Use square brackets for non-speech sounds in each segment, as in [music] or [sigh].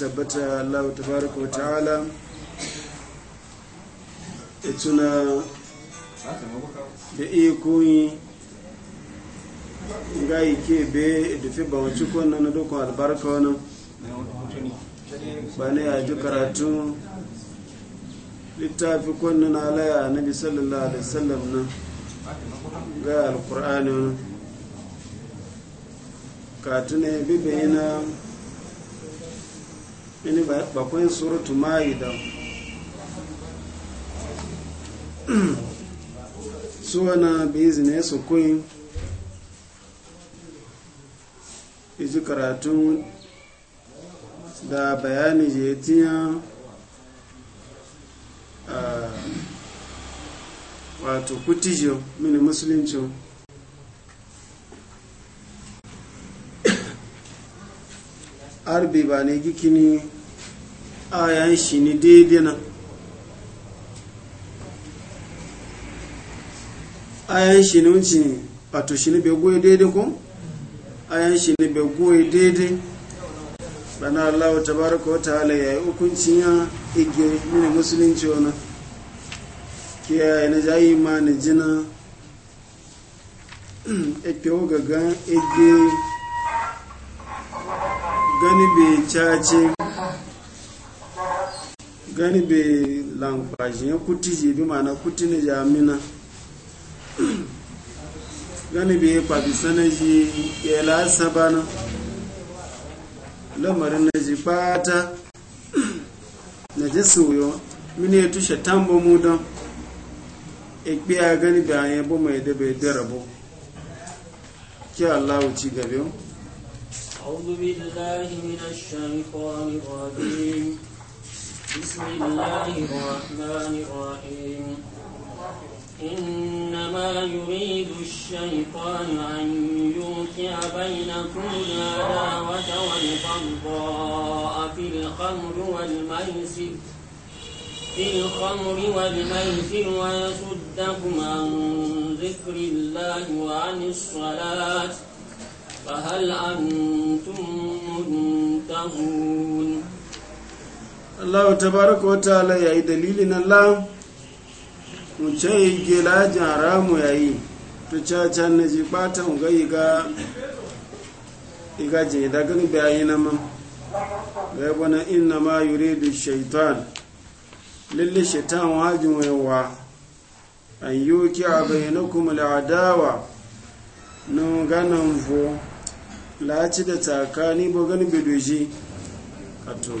tabbata Allah tabaraka wa ta'ala ya tuna da ikoyi ga ike be da fi ba wacce kwanan na dukkan albarka wani ba ne a ji karatu littafi kwanan alaya na bisallallahu da sallam na ga alkur'ani wani ya bibi na ini bakwai suratu ma'ida suwana ne su kun iji karatu da bayani je tiya wato kutijo mini musulunci arbi ba ne gikini ayan shi ne daidai nan ayan shi ne wunci wato shi ne bai goyi daidai ko ayan shi ne bai goyi daidai bana allahu tabaraka wata ta'ala ya yi hukuncin ya ige mini musulunci wani kiyaye na jayi ma na jina ake gagan ige gani bai cace gani be lankwashi ya kuti ji bi mana kuti ne jamina [clears throat] gani be kwabi sana ji kela sabana lamarin [clears throat] na ji fata na ji soyo mini ya tushe tambo mu don e a gani be an yabo mai da bai darabo ki Allah ci gabe أعوذ بالله من الشيطان الرجيم بسم الله الرحمن الرحيم إنما يريد الشيطان أن يوقع بينكم العداوة والبغضاء في الخمر والميسر في الخمر والميسر ويصدكم عن ذكر الله وعن الصلاة فهل أنتم منتهون Allah tabaraka wa ta'ala yayi dalilin Allah mu ce gela ya yi ta caca na ji bata ga yi ga je da gani na ma ga bana inna ma yuridu shaitan lille shaytan wajin wa an yi a yuki bainakum al'adawa na ganin vo laci da tsakani bugan bidoji a to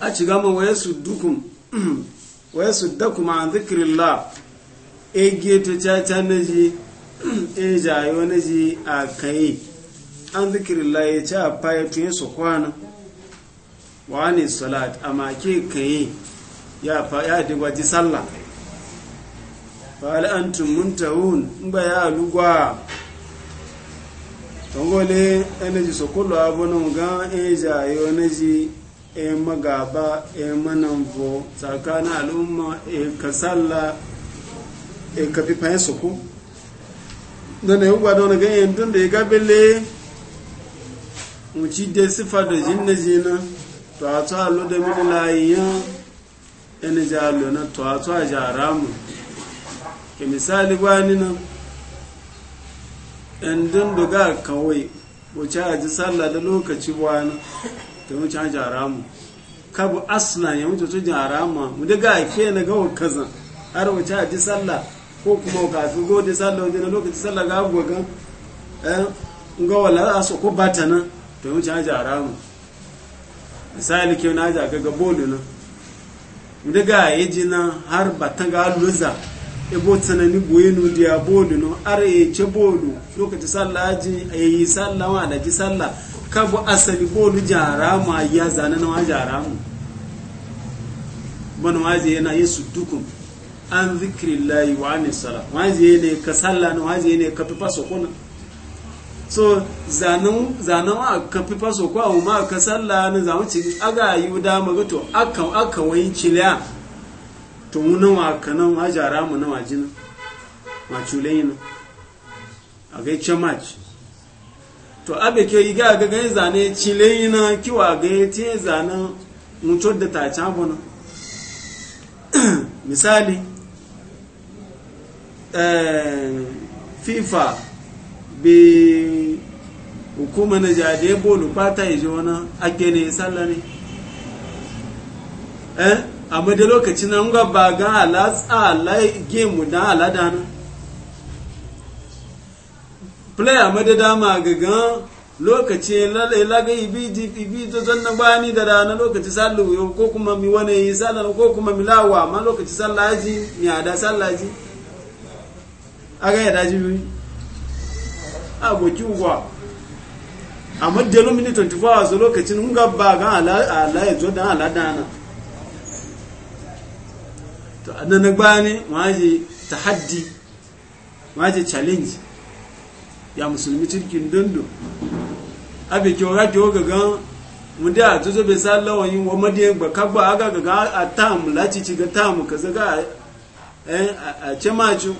a ci gama waye su dukun waye su la ma zikirilla e geto caca na ji e jayo na ji a kai an la ya ci a faya tuye su kwana wa ne salat a make kai ya faya ya digwa ji sallah fa'al'antun hal antum muntahun ba ya lugwa tongole energy sokolo abunan ga eja jayo na ji e magaba e mananvo tsakanin al'umma e kasalla e kafi fayin suku don yi gwada wani ganyen tun da ya gabele muci da sifa da jinna jina to a tsawa lo da mini layiyan yana e ja lona to a tsawa jara mu ke misali gwani nan e yan don ga kawai wuce a ji sallah da lokaci wani ta wuce an jara mu kabu aslan ya wuce tun jara mu mu daga haife na gawa kazan har wuce a ji sallah ko kuma ka fi gode sallah wajen lokaci sallah ga abuwa gan ga eh, gawa a so ko bata nan ta wuce an jara mu misali ke na ja ga bolu nan mu daga ya ji nan har batan ga luza ebo tsanani boyenu nu diya bolu nan har ya ce bolu lokaci sallah ji a yi sallah wa da ji sallah kabu asali bolu jarama ya zana na wa jaramu bana waje yana yin su dukun an zikirin layi wa ne sala waje ne ka salla na waje ne ka fi faso kuna so zanen wa ka fi faso kuwa wa ma ka salla na zamu ci aga yi wuda maga to aka wani ciliya to mu nan wa ka nan wa jaramu na wajina ma culen yi a gai maci to abe ke yi ga gaga zane cile na kiwa ga ya ce zane mutuwar da ta can bana [clears throat] misali eh, fifa bi hukuma na jade bolu pata yi wani ake ne tsalla ne eh amma lokaci na ngwa ba ga ala ala game da ala dana player madada ma gagan lokaci laga ibi zan na bani da rana lokaci sallu ko kuma mi wane yi sallan ko kuma mi lawa ma lokaci sallaji mi ada sallaji aga ya daji bi aboki ugwa a madjalo mini 24 hours lokacin hun gaba ga ala ya zo dan ala dana to annan na gbani waje tahaddi waje challenge ya musulmi cikin dundu abe kyau ora kyau oga gan mude a tuzo bai sa lawa yin wa madiyan ba kagba aga ga ga a tam lati ci ga tam ka zaga eh, a ce maju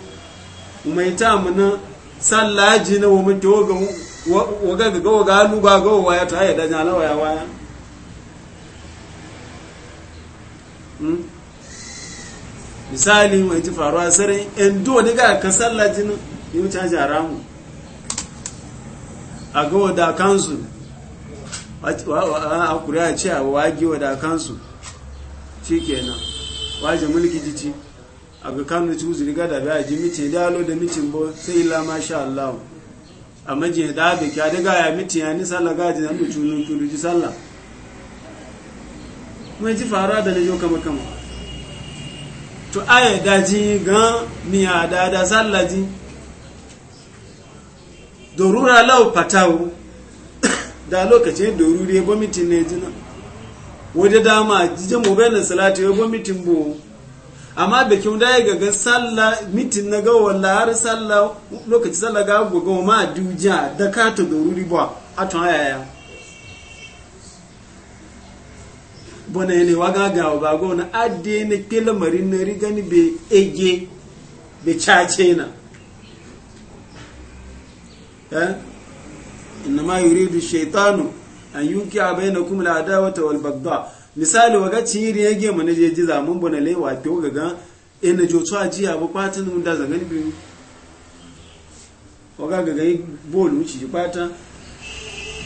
mai tam na sallaji na wa mutu oga wa ga ga wa ga lu ba ga wa ya ta ya da jana wa ya wa hmm? misali mai ci faruwa sarai en do daga ka sallaji na yi wuce haramu a ga wadakansu a ce a wagi wadakansu kenan waje mulki jici a ga kanu ci uzuri gada bai a ji mice dalo da micin bo sai ila masha Allah amma je da da a daga ya mice ya ni sallah ga ji nan da ji sallah mai ji da na jo kama kama to aya daji gan miya da da sallah ji dorura lau fatawu da lokacin doruri ya gwamnatin ne jina wadda dama jijin mobilin salatu ya gwamnatin bu amma da kyau da ya gaga salla mitin na gawar har salla lokaci salla ga gogo ma duja da kato doruri ba a tun hayaya bane ne waga ga ba na adde ne kelamarin na riga ni be ege be cace na Eh? innama yuridu shaitanu an yunki a bayyana kuma al'adawata wal bagda misali waga ciri ya mu na jeji zamun bana le wa to gaga in eh, na joto ajiya ba patin mun da zangan biyu waga gaga bol mu ci pata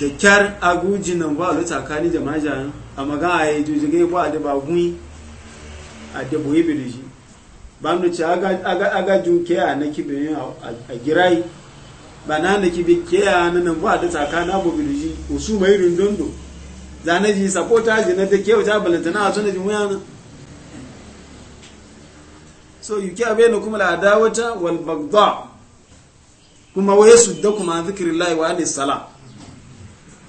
da kyar aguji nan ba lu tsakani da a amma a yi juji ga ba da ba gun a da boye bi shi ba mu ci aga aga aga juke a na kibe a girai na ki bi keya na nan ba da tsakana bo bilji su mai rundundo zane ji sapota ji na ta wata na a na ji na so yuki abena kuma la adawata wal bagda kuma waye da kuma zikrillahi wa alayhi salam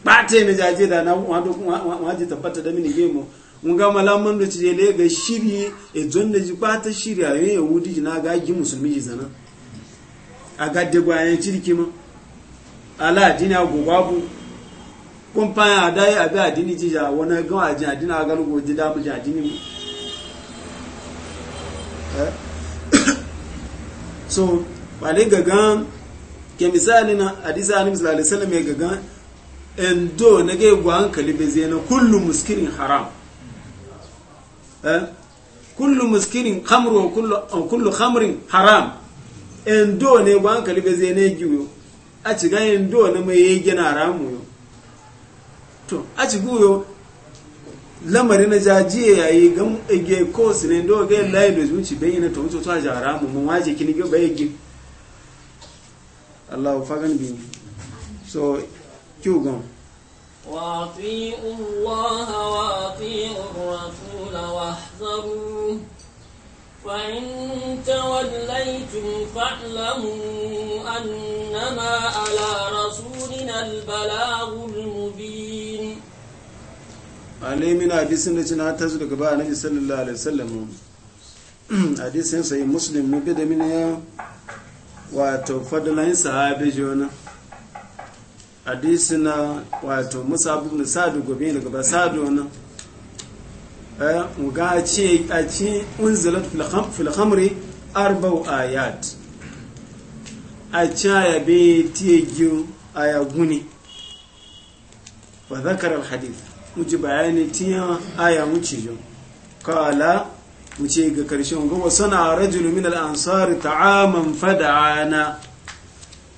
bate ne jaje da na wato kuma waje tabbata da mini gemo mun ga malaman da ci le ga shiri e jonne ji bata shiri a yayin yahudi na ga gi musulmi ji zanan a gadde gwayen cirki ma ala adini agogo abu kun a dayi abi adini jija wani gan ajin adini a galugo ji damu ji adini mu eh? [coughs] so wale gagan ke misali na hadisa alim sallallahu alaihi wasallam ya gagan endo na ga gwa hankali bai zai na kullu muskirin haram eh? kullu muskirin khamru kullu khamrin haram endo ne ba hankali bai zai ne giwo a ci ga endo ne mai yi gina ramu yo to a ci guyo lamarin na jajiye yayi gan ege kos ne endo ga layi da zuci bai yi to mutu ta a ramu mun waje kini ga bai gi allahu fagan bi so kiu gon واطيعوا الله واطيعوا الرسول واحذروه فَإِنْتَ وَلَّيْتُمْ فَاعْلَمُوا da ci na ta daga gaba a Nabi sallallahu Alaihi wasallam hadisin sayi Muslim mu bida mini ya wato fadlan sahabi ji wani hadisin na wato Musa Abubu Sadu gobe ne gaba Sadu wani Eh, ga ce a ci unzilat fil khamri arba'u ayat a ci ya be tiye aya guni wa zakara hadith muji bayani tiya aya muci jo kala muce ga karshen ga wasana rajulu min al-ansar ta'aman fada'ana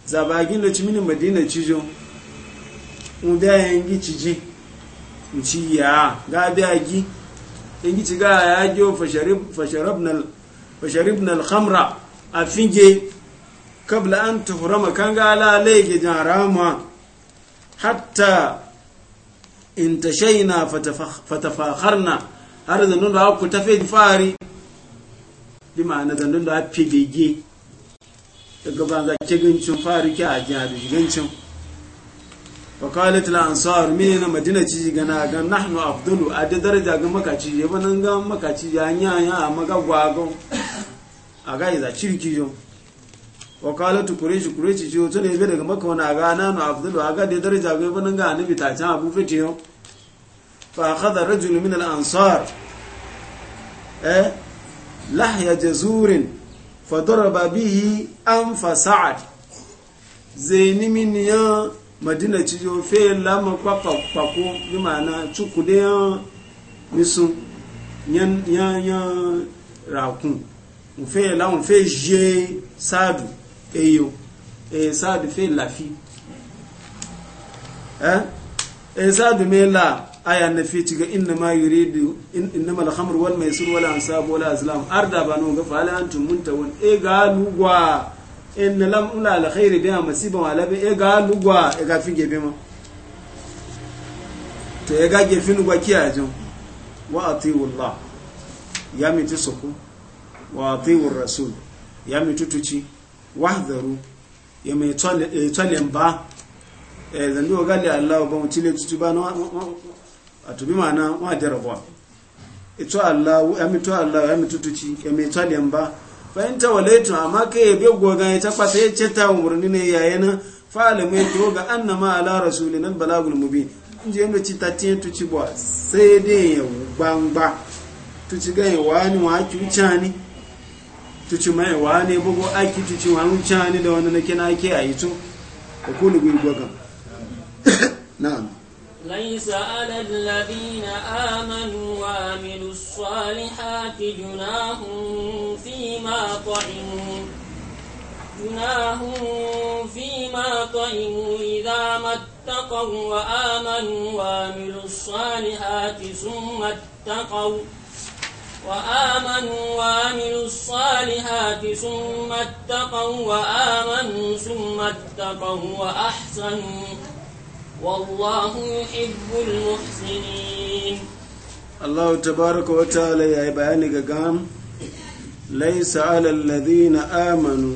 zabagin da cimin madina cijo mu da yangi ciji mu ci ya ga bi agi in ci ga ya jo fasharibna alhamra a finge kabla an tuhurama kan ga lalai gijin harama hatta in ta shaina fatafaharna har zandun da ku tafe fari bi ma'ana zandun da fi bege daga ban za ke gancin fari ke a jihar gancin fakalit la ansar mini na madina ci gana ga nahnu afdalu a da daraja ga makaci ya banan ga makaci ya nya ya a maga gwago a ga iza cirki yo kureshi kureshi ci yo tune daga maka wani ga nanu afdalu a ga da daraja ga banan ga annabi ta can abu fete yo fa akhadha rajul min al ansar eh lahya jazurin fa daraba bihi anfa sa'ad zaini min ya madina ci yo fe lama kwa kwa ko bi mana cuku de yan misun yan yan yan rakun un fe la un fe je sadu e yo e sadu fe la fi eh e sadu me la aya na fi ga inna ma yuridu inna al khamr wal maisir wal ansab wal azlam arda banu ga fala antum muntawun e ga lugwa in lam ula alkhairi bi amsiba wala labin e ga lugwa e ga fige bi ma to e ga ge finu kiya jin wa atiu allah ya mi tusuku wa atiu rasul ya mi tutuci wahdharu ya mi tsale e tsale mba e zan gali allah ba mu cile tutu ba na atubi mana wa jarabwa ito e allah ya mi to allah ya mi tutuci ya mi tsale mba fahimta walaitu amma kai ya bai goga ya tabbata ya ce ta murni ne yaya nan fa'ala mai toga an na ma ala rasulun nan balagul mubi in ji yadda ci ta tiye tuci ba sai dai ya gbangba tuci ga yi wani wa aki wuce ni tuci mai wani bugu aki tuci wa wuce ni da wani na kina ake a yi tun da kuli gwi goga [coughs] na'am ليس على الذين آمنوا وعملوا الصالحات جناه فيما طعموا جناه فيما طعموا إذا ما اتقوا وآمنوا وعملوا الصالحات ثم اتقوا وآمنوا وعملوا الصالحات ثم اتقوا وآمنوا ثم اتقوا وأحسنوا والله يحب المحسنين الله تبارك وتعالى يا بيان غام ليس على الذين آمنوا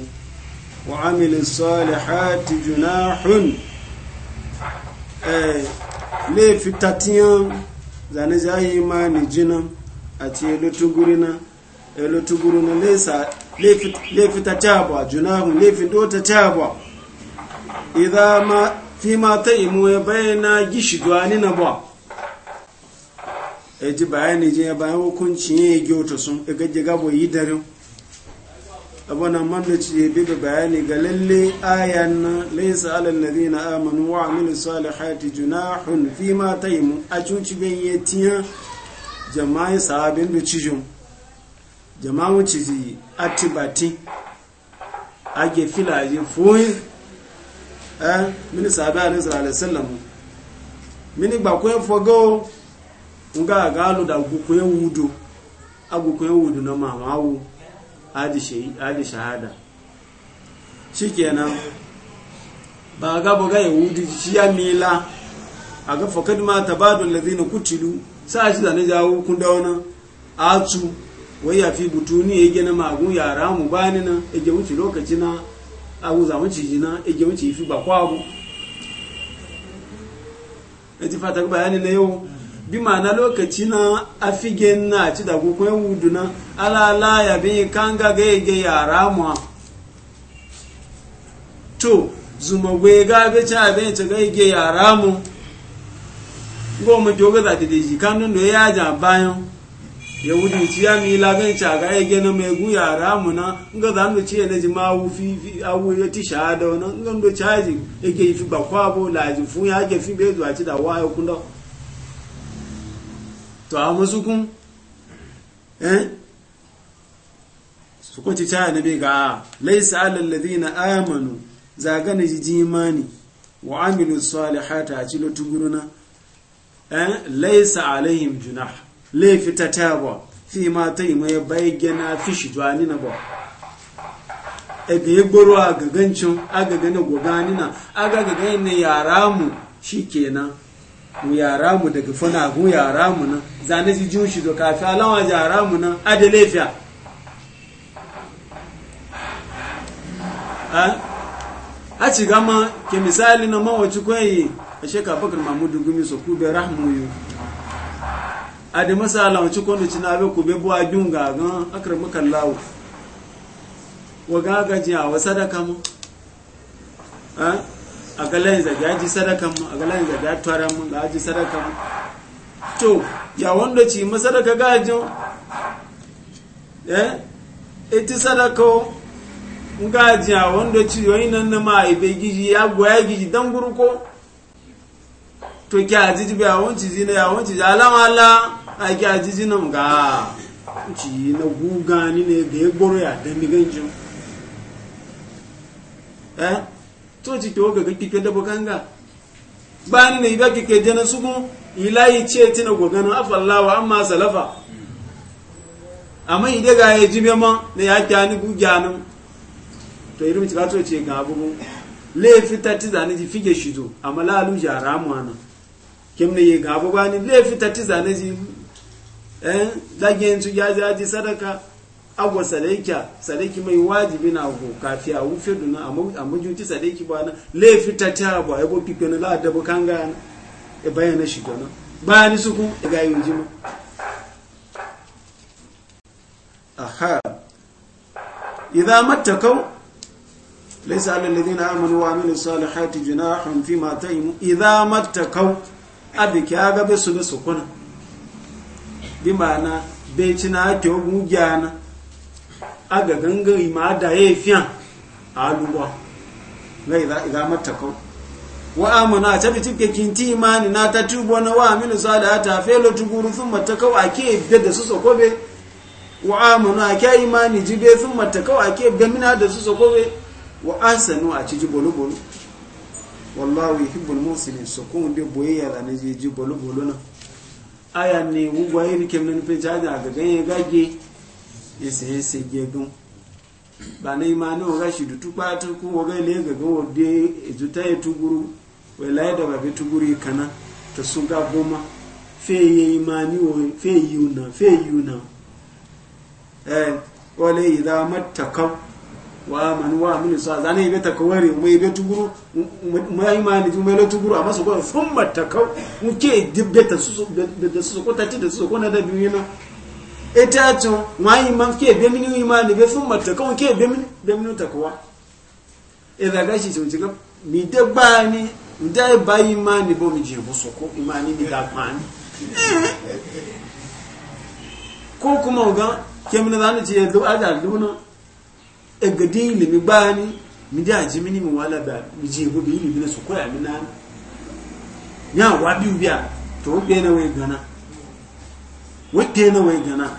وعملوا الصالحات جناح أي ليه في تاتيان zane zai imani jina a ce lutugurina e lutugurina lesa lefi ta taba junahun lefi dota taba idza ma fima ta imu ya bayyana gishidwa ni na ba ji bayani ji ya bayan hukunci ya yi gyoto sun gaji gabo yi darin abunan ci ya bi da bayani ga lalle ayan na laisa alal na amanu wa amilu salihati junahun fima ta imu a cuci bin ya tiyan jama'i sahabin da cijin jama'u ciji atibati age filaje eh mini sahabi alayhi sallallahu alaihi wasallam mini gba ko fogo nga ga lu da gugu ye wudu agugu ye wudu na mama wu adi shi adi shahada shikenan ba ga boga ye wudu shi ya mila aga fakad ma tabadu alladhina kutilu sa shi da ne jawo kun dauna atu wai ya fi butuni ya gina magun yara ramu bani na ya wuce lokaci na awuza wuce jina ege wuce fi ba kwa abu a ti fata bayani na yau bi ma na lokaci na afigen na ci da ewu wudu na alala ya bi kanga ga ege yara mu to zuma gwe ga be ci abin ci ga ege yara mu goma jogo za ta deji kanun da ya ja bayan yahudi ci ya mi lagan ci ga ya gena mai guya ramu na nga za mu ci yana jima wu fi fi awu ya ti shahada wana nga ndo ke yake fi bakwa bo la ji fu ya ke fi bezu a ci da wayo kunda to a musu kun eh su kun ci ta na be ga laysa alal ladina amanu na ji jimani wa amilu salihata a ci lutuguruna eh laysa alaihim junah laifi ta ta ba fi ma ta yi mai gina fi shi jwani na ba ebe gboro a gagancin agaga na gogani na agaga ga yara mu shi kenan mu yara mu daga fana gun yara mu na zane ji jin shi zo kafi alawa yara mu na ade laifiya a ci gama ke misali na mawaci kwaye a shekafakar mamudu gumi so kube rahmu yi adi masala launci kondo ci na ku be buwa jun ga gan akar muka lawo wa ga a wa sadaka mu a ga layin zabi aji sadaka mu a ga layin zabi a tuwara mu ga aji sadaka mu to ya wanda ci masadaka gajin eh iti sadaka ngajin a wanda ci yoyin nan na ma ibe gizi ya goya giji dan ko? to ki ajiji bi awon ci zina ya won ci ala wala ai ki ajiji nam ga ci na guga ni ne ga goro ya da mi ganjin eh to ci to ga ki ke da bokanga ba ni ne ba ki ke jana sugun ilayi ce tina gogano afallawa amma salafa amma ide ga ya jibe ma ne ya ni kyani gugyanin to irin ci ba to ce ga abubu laifin ta ti zane ji fige shi zo amma lalu jara mu ana kimni yi ga abubuwa ni laifi ta ti zane ji ɗan eh, dagen su ya jaji sadaka abuwa sadaki sadaki mai wajibi na go kafi a wufe duna a mujuti sadaki ba na laifi ta ti abuwa ya gopi kwanu la'adabu kan gana ya e bayyana shi gana bayan suku ya e ga yi jima aha idza mattakau laysa alal ladina amanu wa amilus salihati junahun fima taimu idza mattakau adike aga be su be su kuna bi ma'ana be ci na ake ogun gyana aga ganga ima da ya fiya a aluwa ga idan wa amuna ta bi tike kinti imani na ta tubo na wa aminu ta felo tuguru sun matakau ake da su sokobe wa a ke imani jibe sun matakau ake gamina da su sokobe wa asanu a ci ji bolu bolu wallahu yuhibbul muslimin so kun de boyayya da ne ji bolo bolo na aya ne wugwa yi kem nan pe ta da gagan ya gage ese ese gegun ba ne ma ne ga shi dutu pa tu ku wo ga le gagan wo de ejuta e tuguru we la da ba bi tuguru kana to sun ga goma fe ye imani wo fe yuna fe yuna eh wale idha mattaqaw wa manu wa minu sa zane ibe takawari mu ibe tuguru mu yi mani ju mele tuguru amma su ko thumma takaw mu ke dibbe ta su da su ko tati da su ko na da biyu na eta to ma yi man ke be minu yi mani be thumma takaw ke be minu be minu takawa e da gashi ce ga mi da ba ni da ba yi mani bo mi je bu su ko imani mi da kwani [laughs] ko kuma ga kemina zanu ce do aja luna egadi ilimi gbani mi di aji mini mi wala ba mi ji ego bi ilimi na su koya mi na ya wa bi ubi a to gbe na we gana wote na we gana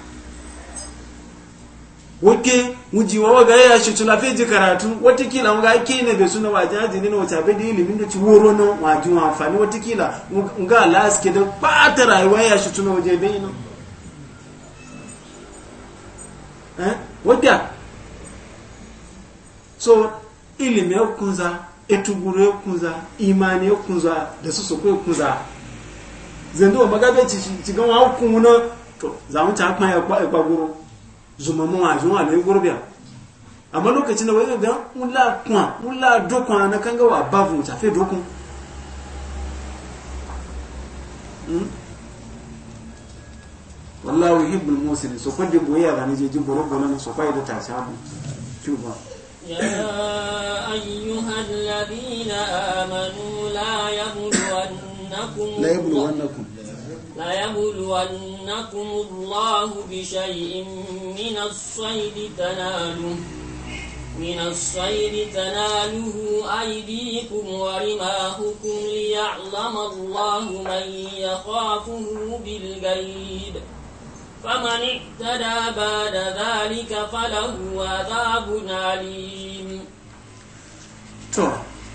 wote ji wa ga ya shi tula feji karatu wata kila nga ke ne be suna waje aji ne wata be di ilimi da ci woro na waje wa amfani wata kila nga laske da pata rayuwa ya shi tuna waje be no eh wata so ilimi ya kunza etuguru ya kunza imani ya kunza da su su kuwa kunza zendo wa magabe cikin wa hukumu na to za mu ta hakan ya kwaguro zuma mu wa zuwa ne gurbiya amma lokacin da wani gan mula kwa mula dokwa na kan ga wa babu mu tafe dokun hmm? wallahu yuhibbul musin so kun je boye ga ne je jin boro boro so faida ta samu cuba يا أيها الذين آمنوا لا يبلونكم لا يبلونكم لا يبلونكم الله بشيء من الصيد تناله من الصيد تناله أيديكم ورماحكم ليعلم الله من يخافه بالغيب فمن اهتدى بعد ذلك فله عذاب أليم to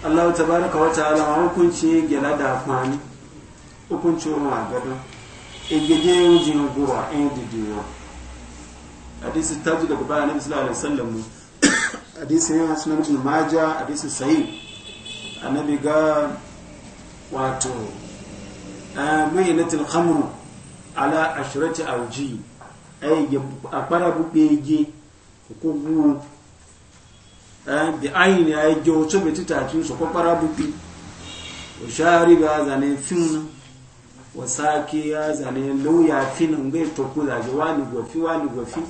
Allah tabaraka wa ta'ala ma hukunci gela da fani hukunci wa gado igede ujin gura in didiyo hadisi taji daga bayan da sallallahu alaihi wasallam hadisi ya sunan ibn majah hadisi a annabi ga wato a yi latin khamru ala ashirati auji ay akpara bu beji ko bu eh bi ayni ay jo to beti ta tun so ko para bu pi o shari ba zane fin wa saki ya zane lu ya fin ngai to ku da ji wani gofi wani gofi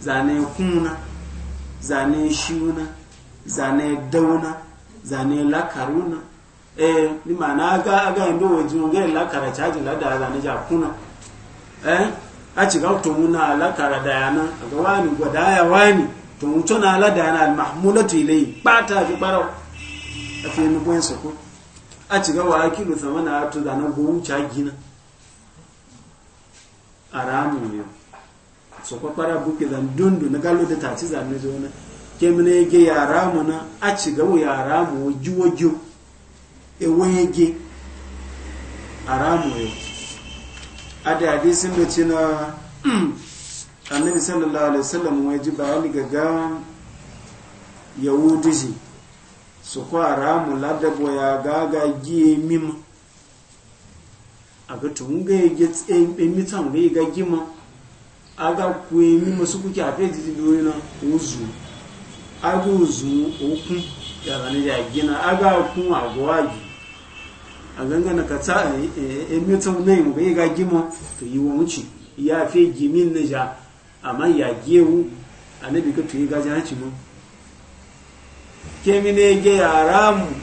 zane kuna zane shiuna zane dauna zane lakaruna eh ni mana aga aga ndo wajin ga la kara chaji la da za ni ja kuna eh a ci ga to muna la kara da yana ga wani gwada ya wani to mutu na la da yana al mahmulatu ilay bata bi baro a fi mu buen soko a ci ga wa akilu samana to da na go cha gina aramu ne so ko para buke zan dundu na galo da ta ci zan zo na kemne ge ya ramu na a ci ga wa ya ramu juwo ewenye gi aramu yau ada hadisin da ci na hmm, annabi sallallahu alaihi wasallam wai ji bayani gaga yahudi ji su kwa aramu ladabo ya gaga giye a ga tun ga ya ga tsayin ɗin e, e mitan ga ya ga gima a ga kuwa mima su kuke a fejiji biyoyi na uzu aga uzu okun gara na ya na aga okun agwagi a na ka ta e mutum ne mu ga ga to yi wa muci ya fe jimin na ja amma ya jewu anabi ka to yi ga ja ci kemi ke mi ne ge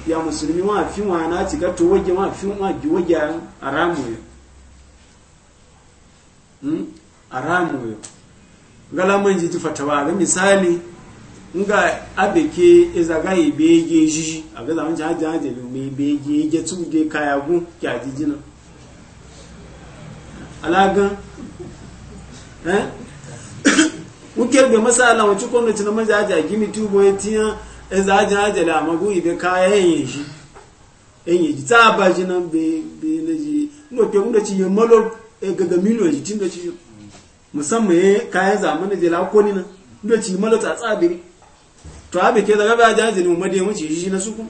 ya musulmi wa fi wa na ci ga to waje wa fi wa ji waje haramu yo hmm aramu yo galaman ji ti fatawa misali nga abeke ezaga ibe ege ejiji agaza wanci haji haji lume ibe ege ege tuge kaya gun ki ajiji na alagan eh uke [coughs] be masala wanci kono tina manja haji a gimi tubo ya tiya eza haji haji la amagu ibe kaya enye shi enye ji ta ba ji na be be na ji ngo pe ngo ci yamalo gagamilo ji tinga ci musamman kayan zamanin jela ko ni na ndo ihe malo ta tsabiri to abe ke daga ba jaji ni umade mu ci shi na suku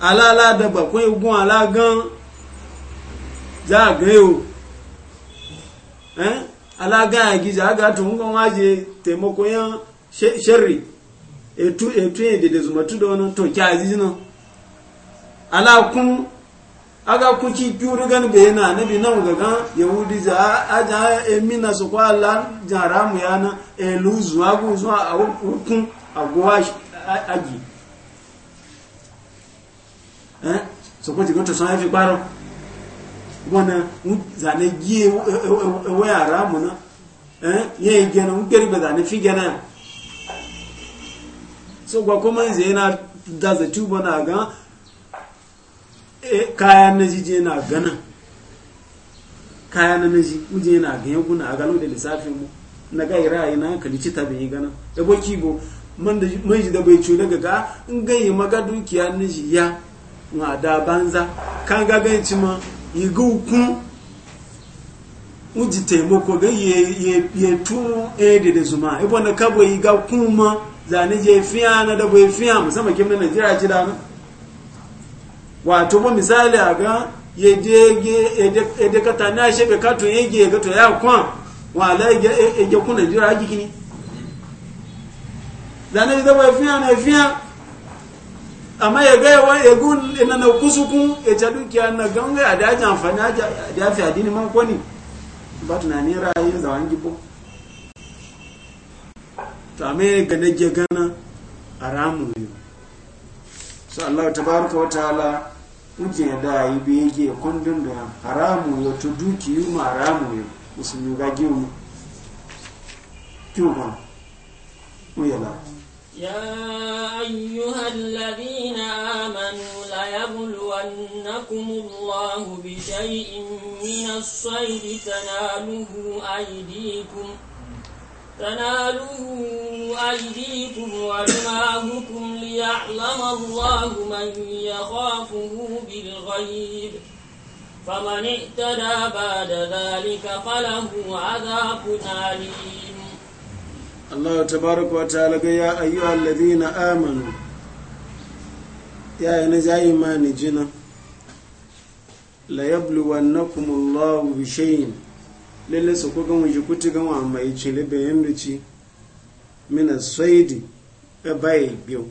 ala ala da ba ko igun ala gan za gan yo eh ala gan agi za ga tun to ngon waje temoko yan sherri etu etu de de zuma tu do no to kya ji no ala kun aga kuci piuru gani be na nabi na ga ga yahudi za aja emina so kwa la jaramu yana eluzu agu zo a hukun agwa aji eh so ko ti ko to san fi paro bona za ne gi ewe e, e, e, aramu na eh ye ge na un keri be za ne fi ge so gwa ko man ze na da za tubo na ga Eh, kaya na ji je na ganin kaya na naji muje na ganyen guna a galo da lissafin mu na gai ra'ayi na hankali ci ta bai gana da bo kibo man da man ji da bai ciwo daga ga in gai maga dukiya ji ya ma da banza kan ga gai ci ma yi ga hukun uji taimako ga ye ye tu e da zuma ibo e na kabo yi ga kuma zane je fiya na da bai fiya musamman kimna Najeriya ci da na wato ba misali a ga yadda kata na shebe kato yage ga to ya kwan wala yage kuna jira haki kini zane ita ba fiya na fiya amma ya gaya wa ya gun ina na kusu ya ta dukiya na ganga a dajin amfani a dafi adini man kwani ba tunanin ra'ayin zawon gibo to amma ya gane gana a ramu yau so Allah tabaraka wata ala. uje da yi be kundin da haramu ya to yu ma haramu ya musulmi ga giwu kyuma uyala يا أيها الذين آمنوا ليبلونكم الله بشيء من الصيد تناله أيديكم ۖ تناله أيديكم ورماهكم ليعلم الله من يخافه بالغيب فمن اهتدى بعد ذلك فله عذاب أليم الله تبارك وتعالى يا أيها الذين آمنوا يا نزاي ما نجنا ليبلونكم الله بشيء lalle su ko gan wuji kuti gan wa mai ci lebe yin rici mina saidi e bai biyu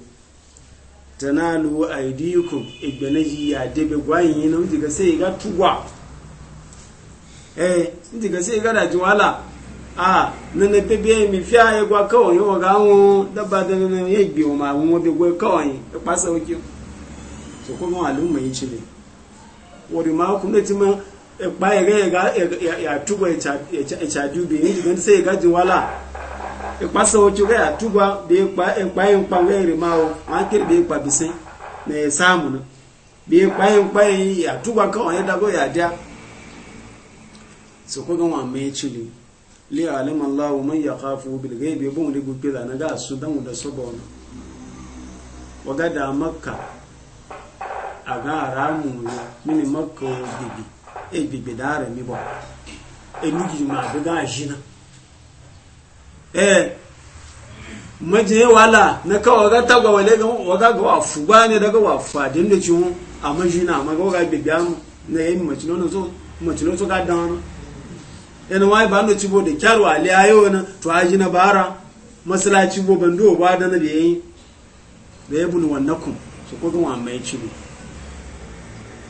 tanalu aidiyukum igbanaji ya debe gwayin yi na wuji ga sai ga tugwa eh wuji ga sai ga da jiwala a ah, nana bebe mi fi aye gwa kawai yi waga wọn daba da nana ya gbe wọn ma wọn wabe gwa kawai ya kpasa e wuki su ko gan wa lumma yi ci ne wari ma kuma ti baya ga ya tuba ya caju bai yin jigan sai ga jiwala laa. sau ya tuba da ya kpayin kpanwe rimawo ma kiri da ya kpa bisai na ya samu na da ya kpayin ya tuba kawai ya dago ya da su kogan wa mai cili li alim allah ya kafu bil gaibi ebe ebe gubbi da na ga su dan da su ba wani waga da makka a ga ramu mini maka wa egbègbè dáàrẹ̀ mi bọ̀ enúgìrì mà gbẹ́gá àṣínà ẹ̀ mọ́jìnlẹ̀ wàhálà na kawai ga tagwa wale ga waga ga wa fuga ne daga wa fadin da ciwon a majina amma ga waga gbègbè amu na yayin macino so ga dawanu yana wai ba da cibo da kyaru a liyayo na to na bara masalaci bo bando ba da na biyayi da ya bunu kun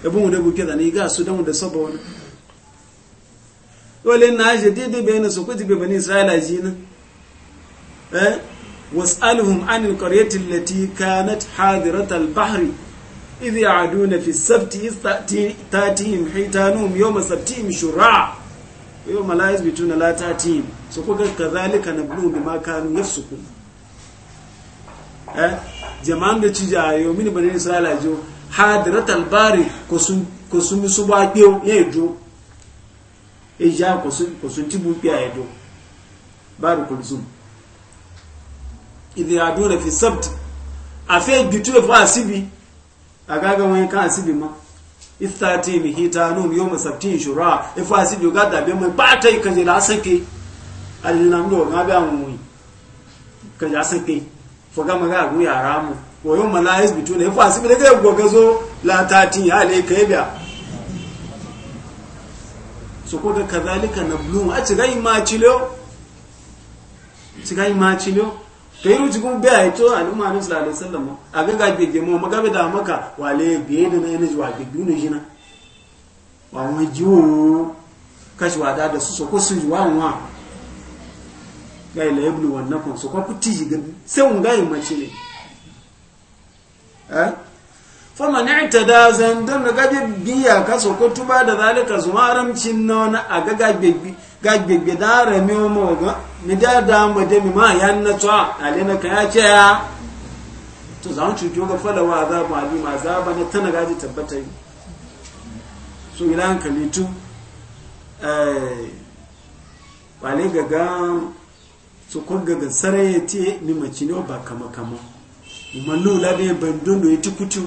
ebun da buke da ni ga su da mu da sabo wani dole na je didi bayan su kuti be bani isra'ila jina eh was'aluhum an alqaryati allati kanat hadirat albahri idh ya'duna fi as-sabti istatihim hitanuhum yawma sabtihim shur'a yawma la yazbituna la tatihim so kuga kadhalika nablu bima kanu yafsukun eh jama'an da cija yau mini bani isra'ila jo hadiratal bari kò súnmí súnmọ́ agbé yẹ́ ìjó èyí á kò sún tí mú pé àyẹ̀dọ́ bari kò sún ìdí àdó rẹ̀ fi sẹ́pt àfẹ́ ìgbìtú ẹ̀fọ́ àsíbi àgágá wọn ká àsíbi mọ́ ìtàtí mi hìta nù yóò mọ̀ sàbtí ìṣòro à e ẹ̀fọ́ àsíbi ọ̀gá dàbí ọmọ pátá ìkànjẹ̀ lásìkè alìlànà ọ̀gá bí àwọn òyìn kànjẹ̀ lásìkè fọ́gámọ́gá àgúyà yara mu. koyon malayis bitu ne fa sibi daga gogazo la tatin ya le kai biya so ko da kazalika na blum a ci gai ma ci lo ci gai ma ci lo to yi ruci kun biya ito al'umma na sallallahu alaihi wasallam a ga ga bege mu maga da maka wa wale biye da na ji wa bege ne jina wa mu jiwo kashi wada da su so ko su wa wa gai la yablu wannakum so ko kuti gani sai un gai mace ne Eh? fama ni ita da zan don na gabe biya ka ko tuba da zalika zuma haramcin na wani a ga gagbegbe da rami omo ga mi da da mu mi ma ya na tsawa ale ka ya ce ya to za mu cuto ga falawa za mu abi ma za ba na tana gaji tabbata yi su ila hankali tu eh, wale gaga su kun gaga sarai ya ce ni mace ne ba kama kama mallu labe bandun do yati kutu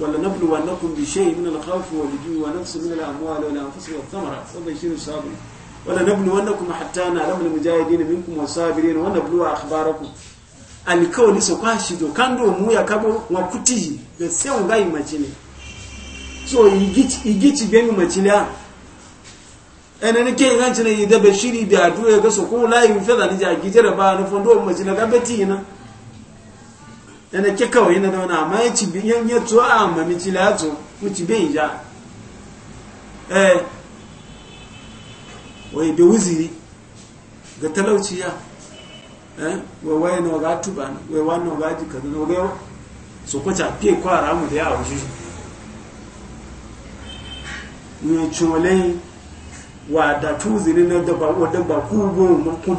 wala nablu wa nakum bi shay min al-khawf al ju'i wa nafs min al-amwali wa anfus wa thamara wa bashir sabr wala nablu wa nakum hatta na'lamu al-mujahidin minkum wa sabirin wa nablu akhbarakum alikawli so kwa shido kando mu ya kabo wa kuti ga sai ngai machine so igichi igichi bemi machine a ene ne ke yi yida bashiri bi adu ya ga so ko la yin fada ni ja gijara ba no fondo machine ga betina yana ke kawai yana da wani amma ya ci biyan ya tuwa a mamici la e, ya tuwa ci bin ya eh wai bi wuziri ga talauci ya eh wai wai na ga tuba wai na ga jika da na ga so ko ta pe kwara mu da ya wuce ni chole wa da tuziri na da ba wa da ba ku go mun ku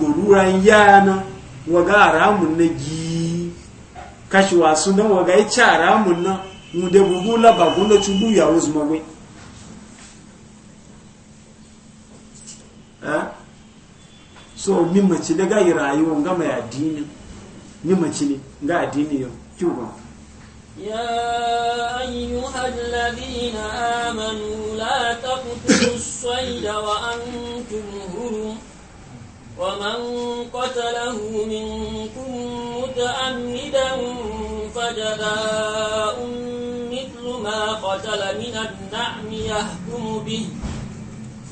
yana wa ga ramun na giyi kashi wasu don waga yi cara mun nan mu da bugu laba gunda cubu ya wuzu magwai so min mace daga gayi rayuwa ga mai addini min mace ne ga dini yau kyuwa يا أيها الذين آمنوا لا تقتلوا الصيد وأنتم هرم ومن قتله منكم متعمدا فجزاء مثل ما قتل من النعم يحكم به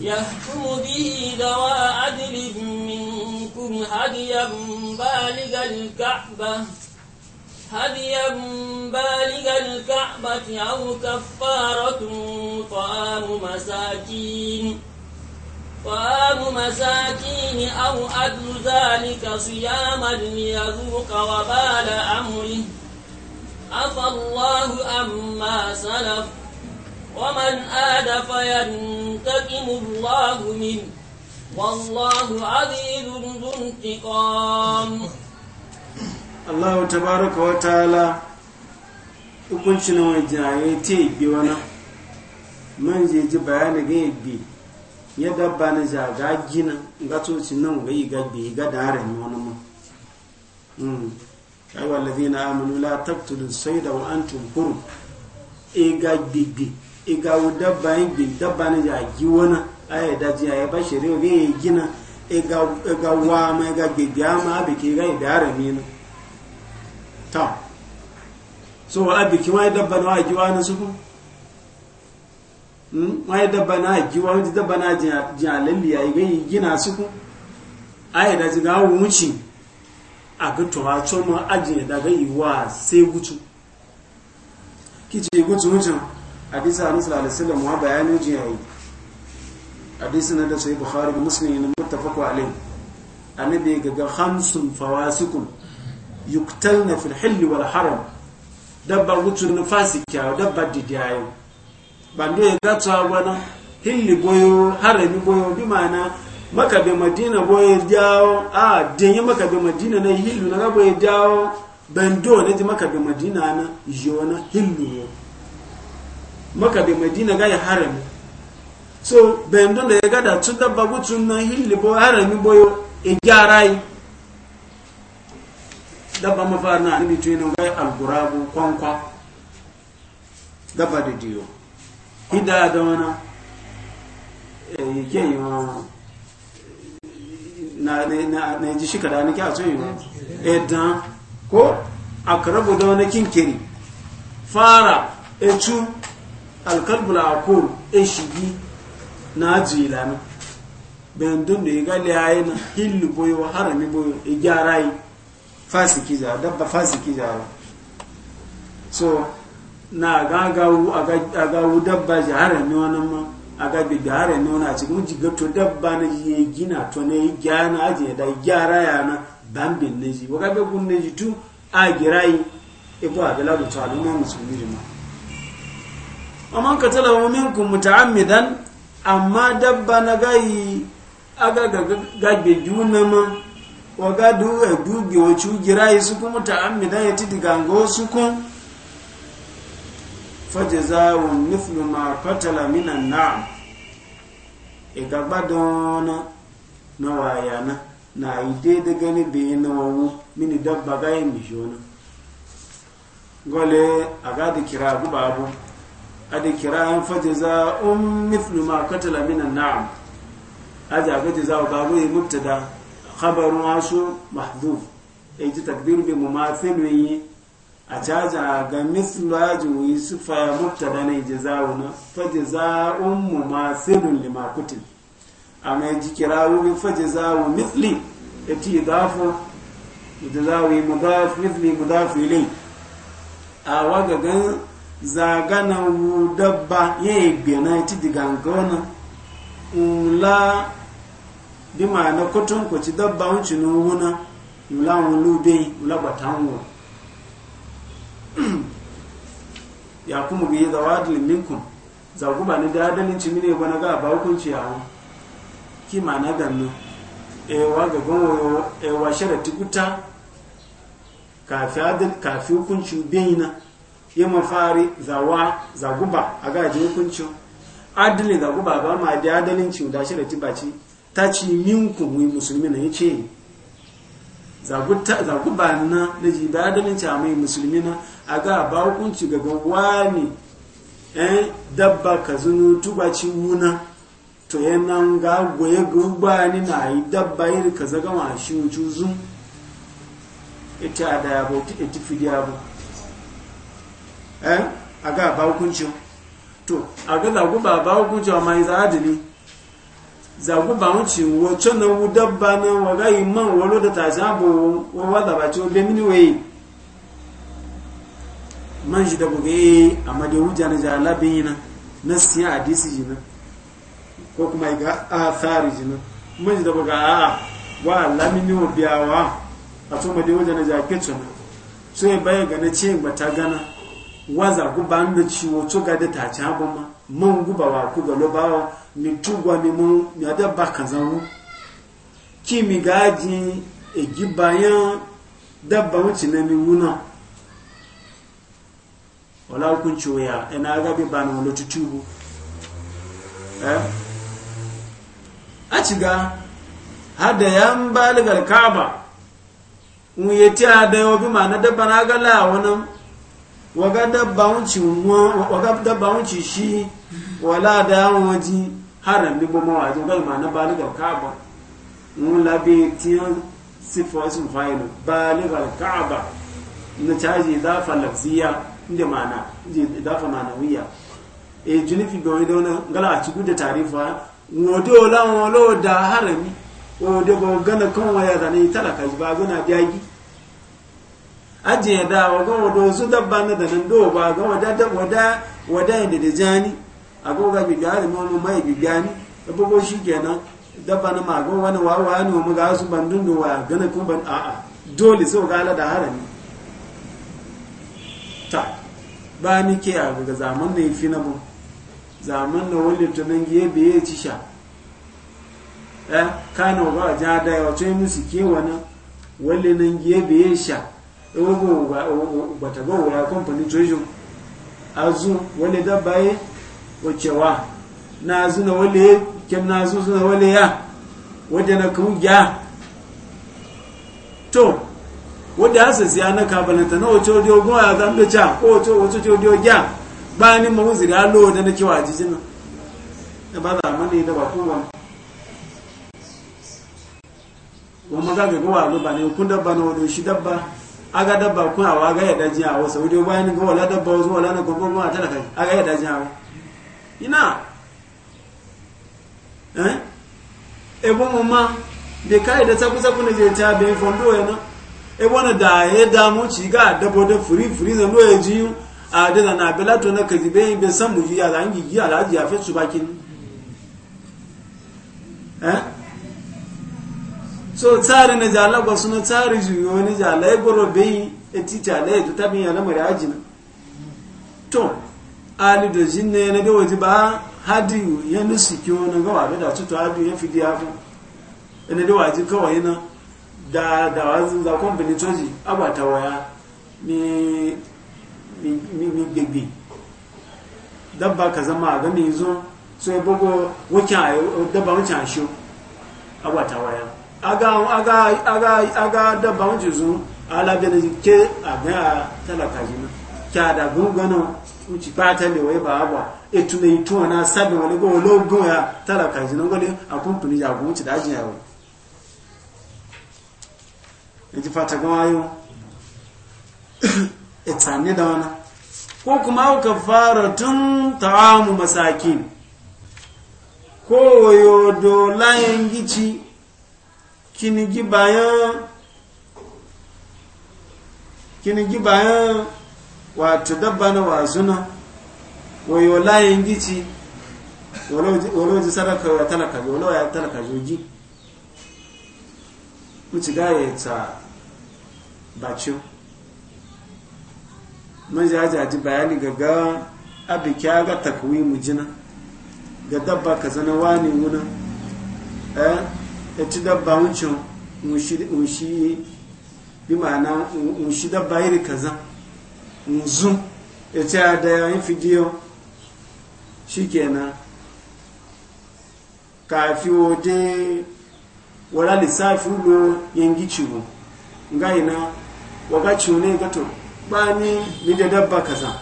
يحكم به ذوى عدل منكم هديا بالغ الكعبة هديا بالغ الكعبة أو كفارة طعام مساكين طعام مساكين أو أدل ذلك صياما ليذوق وبال أمره عفى الله أما سلف ومن آد فينتقم الله منه والله عزيز ذو انتقام الله تبارك وتعالى hukuncin wajaye ta yi wani man je ji bayanin ga yi ya dabba na ja ga gina ga tsoci nan ga yi ga bi ga da harami wani ma hmm. ayi wa ladina amanu la taqtulu sayda wa antum hur e ga gbigbi e ga u dabba yin gbi dabba na ja gi wani ayi da ji ayi ba shari'a ga yi e gina e ga wa ma e ga gbigbi ama abi ke ga yi da harami na ta so abi ki ma dabba na wa gi wani su kuma ai dabba na giwa wani dabba na jalalli ya yi gina su ku yi da ji gawo wuce a ga tuwa coma ajiye daga wa sai gutu kici gutu wucin hadisa anu sallallahu alaihi wasallam wa bayani yi a hadisi na da yi bukhari da muslim ne muttafaqu alaihi annabi ga ga khamsun fawasikum na fil hill wal haram dabba gutu na kya dabba didiyayo bando ya gatsa bana hilli boyo harami boyo bi mana maka be madina boyo jawo a maka madina na hillu na jawo bando ne ti maka be madina na jona hillu yo maka be madina ga ya harami so bando da ya gada tun dabba gutun na hilli boyo harami boyo e jarai dabba mafarna an bi tuyi na ga algurabu kwankwa dabba da diyo ida da wani eh, ke yi wa na ji shi kada nake a tsoyi ba edan ko a karabu da wani kinkiri fara ecu alkalbula a kuru e shigi na aji ilana bendun da ya gali ya yi na hillu boyo harami boyo ya gyara yi fasiki za dabba fasiki za so na gagawu a gawu dabba ji harami wani ma a gabi da harami wani a cikin jiga to dabba na ji ya gina to na yi gyana aji ya da gyara ya na bambin na ji wa gabe gun na ji tu a yi ibu e a gila da al'umma musulmi ma amma ka tala wa minkum muta'ammidan amma dabba na gayi aga gabe duna ma wa gadu e dubi wa cu yi su kuma ta'ammidan ya ti digango su kuma fajazawun mithlu ma qatala mina na'am igagbadona na wayana na ide da gani be na wawu mini dabba ga yin bishona gole aga da kira gu babu ada kira yan fajaza'un mithlu ma qatala minan na'am aja ga jaza'u babu yi mubtada khabaru asu mahdhuf ai ji takbir bi mumathilu yi a caja ga mislajin yi su faya mutu da nai jaza'u na fa jaza'un mu masilun lima kutin a mai jikira wuri fa wu misli ya ti dafu jaza'u yi mudaf misli mudaf ilin a waga gan zagana wu dabba ya yi gbena ti wani nla bi ma na kutun kwaci ci dabba wuncinu wuna nla wulu bai batan batanwa ya kuma bi yi wadilin adalin minkum za ku ba ni da adalin ci mine bana ga ba hukunci ya hau ki ma na gannu ewa ga gwanwayo ewa shara tukuta kafi hukunci bina ya mafari zawa za guba a gajin hukuncin adalin za guba ba ma da adalin ci da shara tibaci ta ci minkum musulmi na ya ce zagu ba na na ji dadalin adalin ca musulmi na a ga ba hukunci ga gawa ne eh, yan dabba ka zunu tuba ci wuna to yana ga goye gugba ni na yi dabba iri ka zaga ma shi wucu zun ita da ya bauti ita fidiya ba eh a ga ba hukunci to a ga zagu ba ba hukuncin ma yi za zagu ba wuce wacce na wu dabba na waga yi man walo da ta tashi abu wawa da bace obe mini waye man shi da buge a made wuja na la bin yi na na siya a disi ji na ko kuma ga a tsari ji na man shi da buga a wa lamini wa biyawa a to made wuja na jala kece na so ya baya gana ce ba ta gana wa za ku ba da ci wo co ga da ta tashi abu ma man guba wa ku ga lobawa ni mu mitugwa mimu miada bakazamu ki mi gaji egi bayan dabba wuce na mi mimuna wala hukunci waya ina gabi ba na wala tutubu eh a ciga hada ya baligar kaba un ya ti hada ya ma na da dabba na gala wani waga dabba wuce shi wala da yawon waje haram bi bo mawa zo gal ma na baligal kaaba mun la bi tiyan sifa ism fa'il baligal kaaba na caji idafa lafziya inda mana idafa manawiya e junifi bi wani wani gala a cikin da tarifa wode ola wolo da harami de bo gana kan waya da ne talaka ba gana biyaji ajiye da wa ga da su dabba na da nan do ba ga wada wada wada da da jani agoga bibiya da mu mai bibiya ni abubuwan shi kenan dabba na mago wani wawa ne mu ga su bandun da wa gana kun ban a'a dole sai ga ala da harami ta ba ni ke a ga zaman ne fi na mu zaman na wanda to nan giye biye ci sha eh kana ga ja da ya to musu ke wani wanda nan giye biye sha ogo ba ta go wa company treasure azu wani dabba wacewa na zuna wale kem na zu zuna wale ya wadda na kan ya to wadda hasa siya na kabalanta na wace odiyo goma a zan da dace ko wace wace odiyo ya ba ni mawu zira alo da na kewa jijin na ba za mani da ba kowa wa maza ga gowa lo ba ne kun dabba na wado shi dabba aga dabba kun awa ga ya daji a wasa wadiyo bayan ga wala dabba wasu wala na gogo ma talaka aga ya daji a wasa. ina eh ebo mama de kai da tsaku tsaku ne je ta be fondo yana ebo na da ya da mu ci ga da bodo furi furi na no eji a ah, de na bela to na kaji be be san mu ya la ngi ya la ya fe su bakin eh so tsari na jala ba suna tsari juyo ni jala e goro be e tita le to tabi yana mari ajina to ali da jin ne na gawaji ba hadiyu ya nusiki wani gawa da da tutu hadiyu ya fi diya fun ina da waji kawai na da da wazi za kon bini toji abata waya ni mi mi gbegbe dabba ka zama ga mi zo so ya bugo wakin dabba wancan shi abata waya aga aga aga aga dabba wancan zo ala bene ke a ga talaka jina kya da gungunan uchi pata le wai baba etu ne ito na sabe wani go lo go ya tara ka jina ngole akun tuni ya gunci da ajin yawo inji fata ga wayo [coughs] etani da wana ko kuma au kafaratun ta'amu masakin ko yodo layin gici kinigi bayan kinigi bayan wato dabba na wazuna wayo layin gici wani ji sadaka ya talaka wani ya talaka jogi wuce gaya ta bacin mun jajaji bayani gaga abiki ya ga takwi mu jina ga dabba ka zana wani wuna ya eh, ci dabba wucin wushi bi ma'ana wushi dabba iri kaza nzu ya ada ya da yayin fidiyo shi kenan kafi de wala lissafi ulo yangi ciwo ga ina waga ciwo ne gato ba ni de da dabba kaza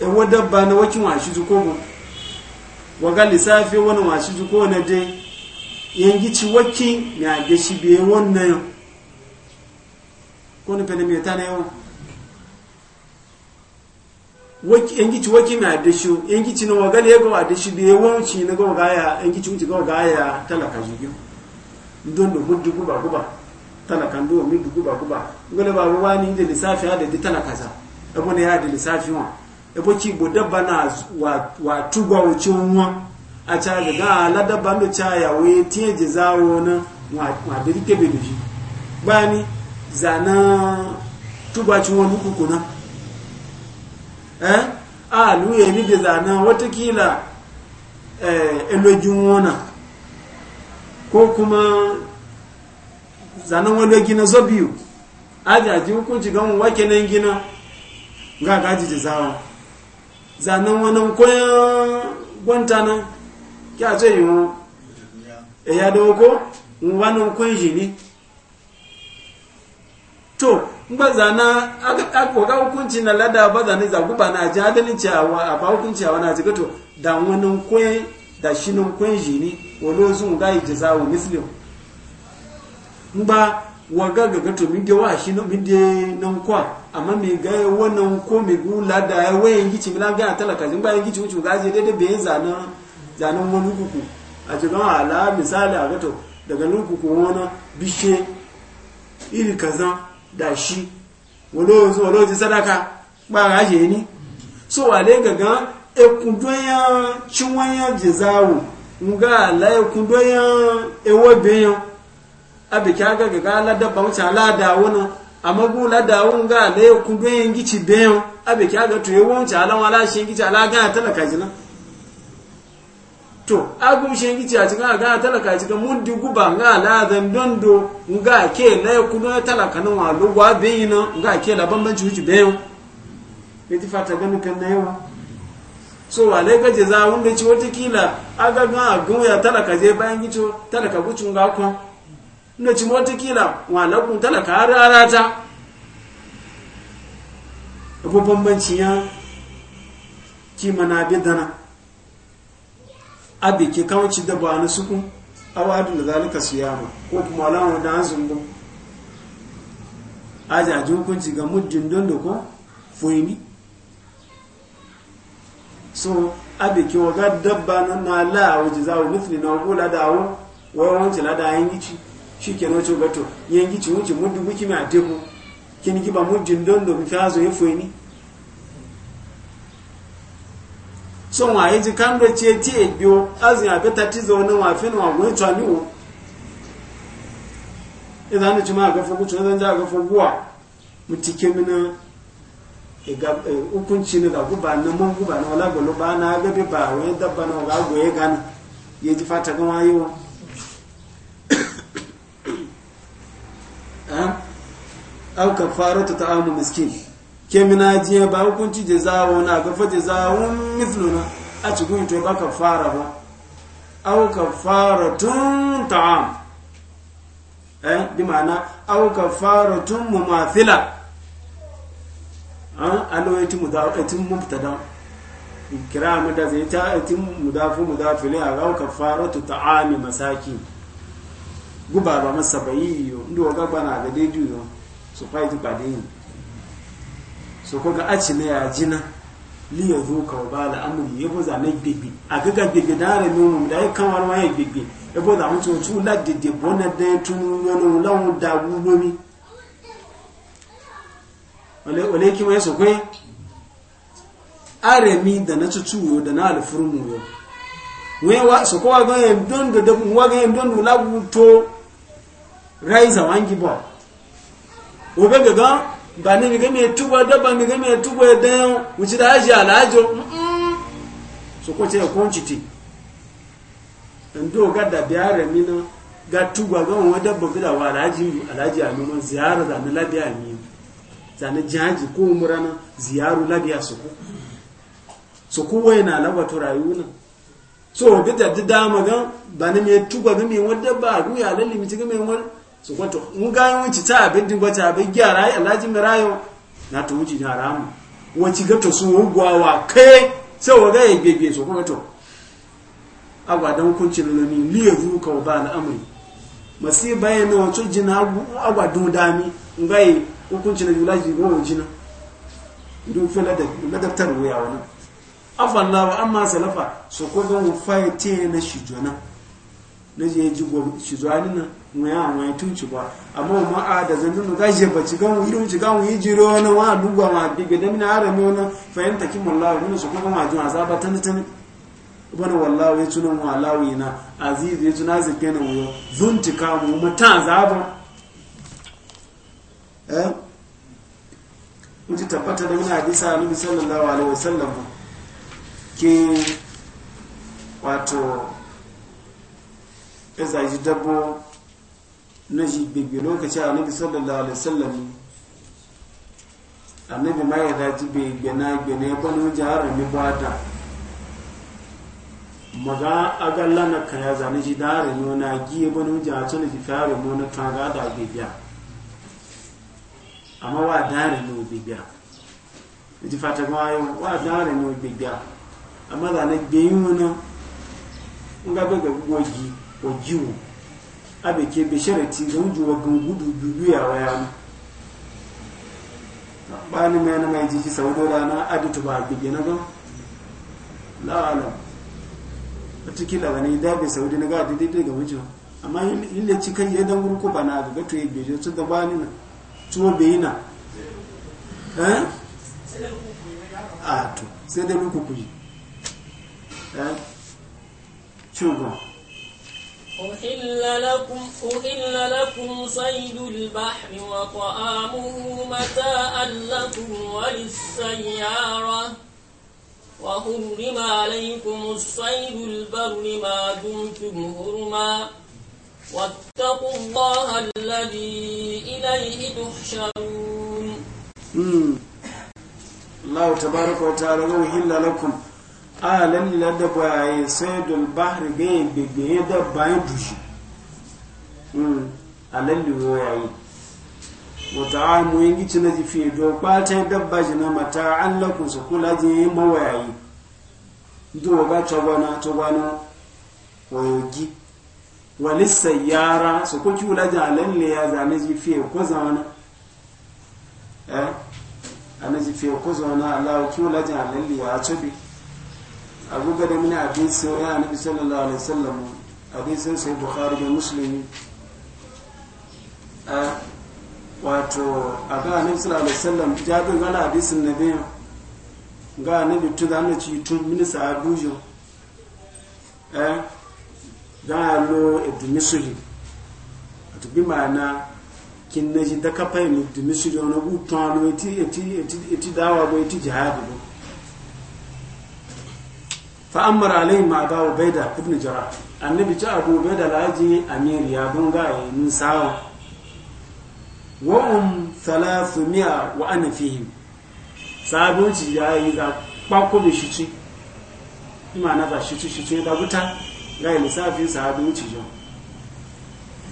ewa dabba na wakin washi zuko mu waga lissafi wani washi zuko na dai yangi ci waki na gashi biye wannan yau ko ni pele mi ta ne o woki engi ci woki na de shi engi ci no waga le go ade shi be won ci ne go ga ya engi ci ci go ga ya talaka ji ndondo muddu guba guba talaka ndo mi guba guba ngole ba wani de lissafi ade de talaka za ebo ne ya de lissafi won ebo ci bo dabba na wa wa tugwa o ci won a ca da ga la dabba no ca ya we tie je zawo na wa wa de ke be de bani zana tubacin wani kukuna eh a ah, luye ni da zana watakila elogin eh, wona ko kuma zanen wani gina zo biyu ajaji hukunci gan wake nan gina ga gaji da zawa zanen wani koyan gwanta nan kya ce yi mu e ya oko wani koyan shi ne to ba zana ga hukunci na lada ba zana za ba na ji adalin ciyawa a ba hukunci a wani jiga to da wani kwen da shi nan kwen ji ne wani zun ga yi zawo muslim ba waga ga gato min ga wa shi nan min da nan kwa amma mi ga wannan ko mi gu lada ya wayan gici mi laga talaka ngba yi ci wuce ga je daidai bayan zana, zana wani kuku a cikin ala misali a gato daga nan kuku wani bishe iri kaza dashi shi wolo wolo sadaka ba ga ni so wa le gangan ekundoyan chiwayan jezawo nga la ekundoyan ewobeyan abike aga gaga lada bauta lada wona amagu lada wonga la ekundoyan gichi beyan abike aga to ewon cha ala wala shin ala talaka jina to agum shi ngi a cikin ga talaka ci mun mundi guba nga la dan dondo nga ke na ku na talaka na wa lu wa be na nga ke la bambanci huji be yo fata ganu kan na yawa so wa le gaje za wanda ci wata kila aga ga gun ya talaka je bayan gicho talaka gucin ga ko na ci wata kila wa la talaka har arata ko bambanci ya ki mana dana. abin ke kawo ci da ba na suku awadu da zalika su yama ko kuma alamu da an zumbu ajajin hukunci ga muddin don da ko fuhimi so abin ke waga dabba na na la waje zawo mithli na wago ladawo wawanci lada yan gici shi ke noce gato yan gici wuce muddin wiki mai a teku kin giba muddin don da fi hazo ya fuhimi so wa yi ji kan da ce ti e biyo azin a na ti zo na wafin wa gwai tsani wo idan ni jima ga fugu tun zan ja ga fuguwa mutike mina e ga ne guba na mun guba na golo ba na ga bi ba wai dabba na ga goye gani ya ji fata ga kafaratu ta'amu miskin kemina jiya ba hukunci da zawo na gafa da zawon misluna a cikin to ba ka fara ba au ka fara tun ta'am eh bi ma'ana au ka fara tun mumathila an eh, alwaiti mudafatin mubtada ikram da zai ta atin mudafu mudafili a au ka fara tu ta'ami masaki guba ba masabayi yo ndo ga bana ga deju yo su faiti badin so ko ga aci na yaji na li ya zo ka ba la amuri ya boza na gbegbe a gaga gbegbe da ara mi da ya kan wani wani gbegbe ya boza mu tun la dede bona da tun wani lawun da wulomi wale wale ki so kai are da na tutuwo da na alfurmu yo we wa so ko ga yan don da da wa ga yan don la wuto rise wangi ba o be ga ba ni ga mai tuba daba ni ga mai tuba da yau wuce da aji alajo so ko ce ko citi do da biyare mi na ga tuba ga wani dabba wa alaji alaji a ziyara da labiya mi zane ko murana ziyaru labiya su ko so ko wai na labato rayuwa so bi da dama ga ba ni mai tuba ga wadda ba wadda so kwanto mun gani wuce ta abin din bata abin gyara ya alhaji rayo na to wuce na ramu wace ga to sun wugwawa kai sai wa ga ya bebe so kuma to agwa dan hukuncin lami li yazu ka ba al'amri masi bayan na wato jina agwa dun dami ga yi hukuncin da yulaji go jina idan fi ladabtar waya wani afalla wa amma salafa so ko ga mu fayyate na shijona na je ji go ni na mwaya mwaya tunci ba amma ma a da zangin mu gashi ba ci gan irin ci gan yi jiro wani wa duba ma bibe da mina arame wani fahimta kin wallahi kuma su kuma ma jin azaba tan tan bana wallahi ya tunan wallahi na aziz ya tuna zake na wuyo ka mu mata azaba eh mutu tabbata da mina hadisa annabi sallallahu alaihi wasallam ke wato ya zaji dabbo na shi bibbi lokaci a nabi sallallahu alaihi wasallam annabi ma ya daji bai gana gane ya bani wajen harami ba da maga agalla na kaya zane shi da harami wani agi ya bani wajen a tuni fifi harami wani taga da bibiya amma wa da harami bibiya ji fata ma yau wa da harami bibiya amma zane bayin wani in ga bai ga gogi ko abe ke be sharati ga wuju wa gudu dubu ya waya bani mai na mai jiki saudo da na aditu ba bige na ga la ala watakila wani da be saudi na ga daidai ga wuju amma yin da cikin ya dan gurku ba na ga to ya beje su ga bani na tuwa be na eh a to sai da luku yi eh shugo أحل لكم, أحل لكم صيد البحر وطعامه متاء لكم وللسيارة وحرم عليكم الصيد البر ما دمتم هرما واتقوا الله الذي إليه تحشرون الله تبارك وتعالى أحل لكم a lalila da bayaye sai dulbahar gaye gaggaye da bayan dushi a lallewa yayi wata amu yin gici na jifi don ɓata dabba ji na mata an lakun su kula ji yin yi duwa ga tagwana tagwana wayogi walissa yara su kuki wula ji a lallewa zane jifi ko zana eh a na jifi ko zana allawa ki wula ji a lallewa a tobi abubuwa da mini abin wa ya nabi sallallahu alaihi wasallam hadisin sai bukari da musulmi a wato a ga nabi sallallahu alaihi wasallam jabir wala hadisin nabi ga nabi tu da na ci tun minista sa dujo eh da lo ibn misri A bi ma'ana kin naji da kafai ibn misri ona bu to alo eti eti eti dawa ti jihadi ba fa amara alayhi ma ba ubaida ibn jarrah annabi ci abu ubaida laji amir ya bunga ya min sawa wa um 300 wa ana fihim sabunci ya yi ga kwakko da shi ci ima na za shi ci da buta ga yi lissafin sabunci jan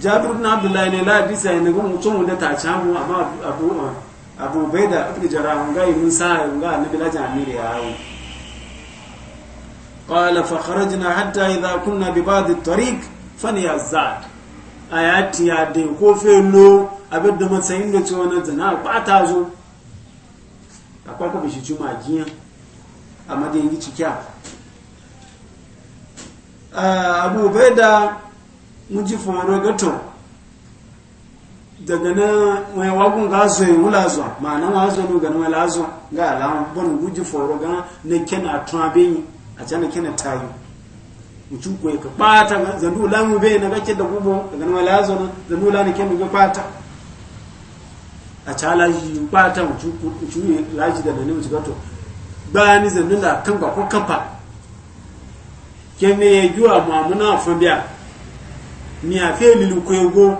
jabir ibn abdullahi ne la bisa ne gumu mutum da ta camu amma abu abu ubaida ibn jarrah ga yi min sawa ga annabi laji amir ya yi قال فخرجنا حتى اذا كنا ببعض الطريق فني الزاد ايات يا كوفي لو ابد ما تسعين لتوانا زنا باتازو أقولك بشي جمع جيا اما دي نجي ينجي ا ابو بيدا نجي فانو غتو daga nan mai wagun ga zo yi wula zo ma'ana wa zo ga nan wala zo ga alawan bon guji foro ga na kena trabe a cana kina tayi, mutu ko ka pata zandu la mu be na gake da gubo daga na lazo na zandu la ne kenu be pata a cala yi pata mutu ko mutu yi laji da ne mutu gato bayani zandu la kan ba ko kafa kenne ye juwa fa fobia ni a fe lilu ko ego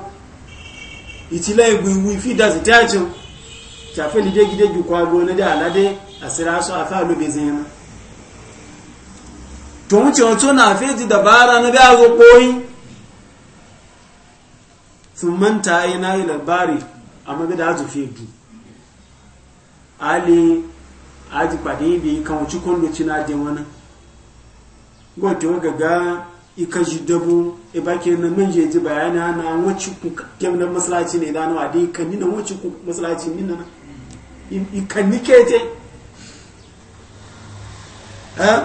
itila ego iwu fi da zitacho ta fe lije gide ju kwa go na da alade asira so afa lo bezena to wuce wato na feji dabara na biya zo koyi sun manta yi na yi labari a bi da azu fedu ali aji pade bi kan wuce ci na de wani goto gaga ika ji dabu e ba ke nan manje ji bayani ana wuce ku kem na masalaci ne da nawa dai kan na wuce ku masalaci na ikan ke je eh?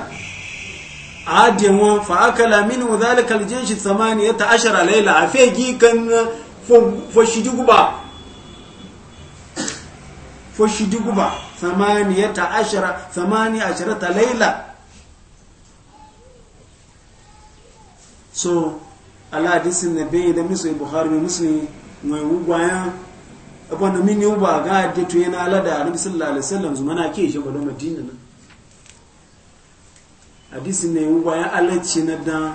ademo fa akala minhu dhalika aljish thamaniyata ashara layla afegi kan fo shidiguba fo shidiguba thamaniyata ashara thamani asharata layla so ala hadisin na bai da misu bukhari mai musu mai wugwaya abin da min yi ga da tuyena ala da annabi sallallahu alaihi wasallam zumana ke shi ba da madina nan hadisi ne wa ya alaci na dan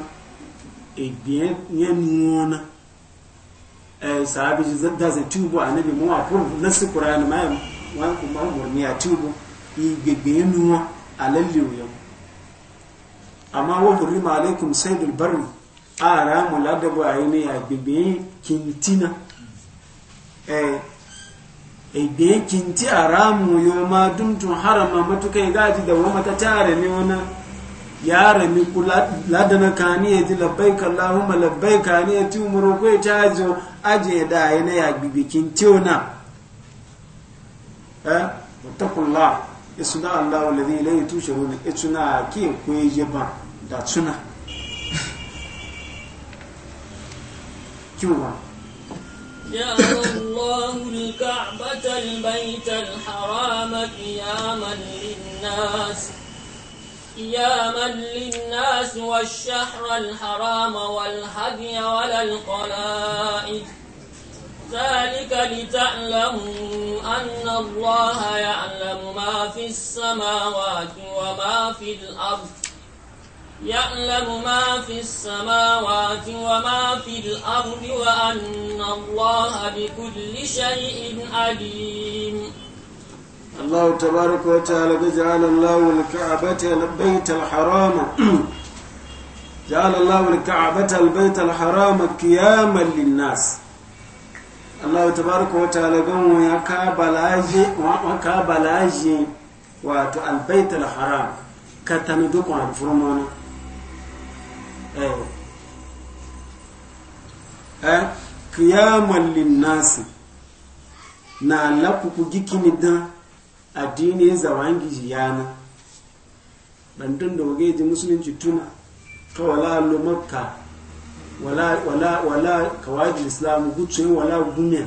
egbiyan ya nuwana e, sahabi ji zadda zai tubu a nabi mawa ko nasu kurani ma ya murni a tubu ya nuwa a lalliyo yau amma wa hurrima alaikum saidul barri a ramu ladabu a yi ne a egbiyan kintina e, egbiyan kinti a ramu yau ma dumtun harama matukai gaji da wani mata tare ne wani ya rami ku ladana ya ji labbai ma labbai ya ti umuru ko ta ajo aje da ya na ya bibikin tiona eh mutakullah isuna allah alladhi ilayhi tushurun ituna ki ku yeba da tuna kiwa يا الله الكعبة البيت الحرام قياما للناس قياما للناس والشحر الحرام والهدي ولا القلائد ذلك لتعلموا أن الله يعلم ما في السماوات وما في الأرض يعلم ما في السماوات وما في الأرض وأن الله بكل شيء عليم الله تبارك وتعالى جعل الله الكعبة البيت الحرام جعل الله الكعبة البيت الحرام قياما للناس الله تبارك وتعالى قوم يا كابلاجي وكابلاجي واتو البيت الحرام كتندوكم عن فرمان ايه ايه قياما للناس na lakuku gikini addini ya zawangi yana bantun da wage ji musulunci tuna ka wala allo makka wala wala wala kawajin islamu gutsuyin wala gumiya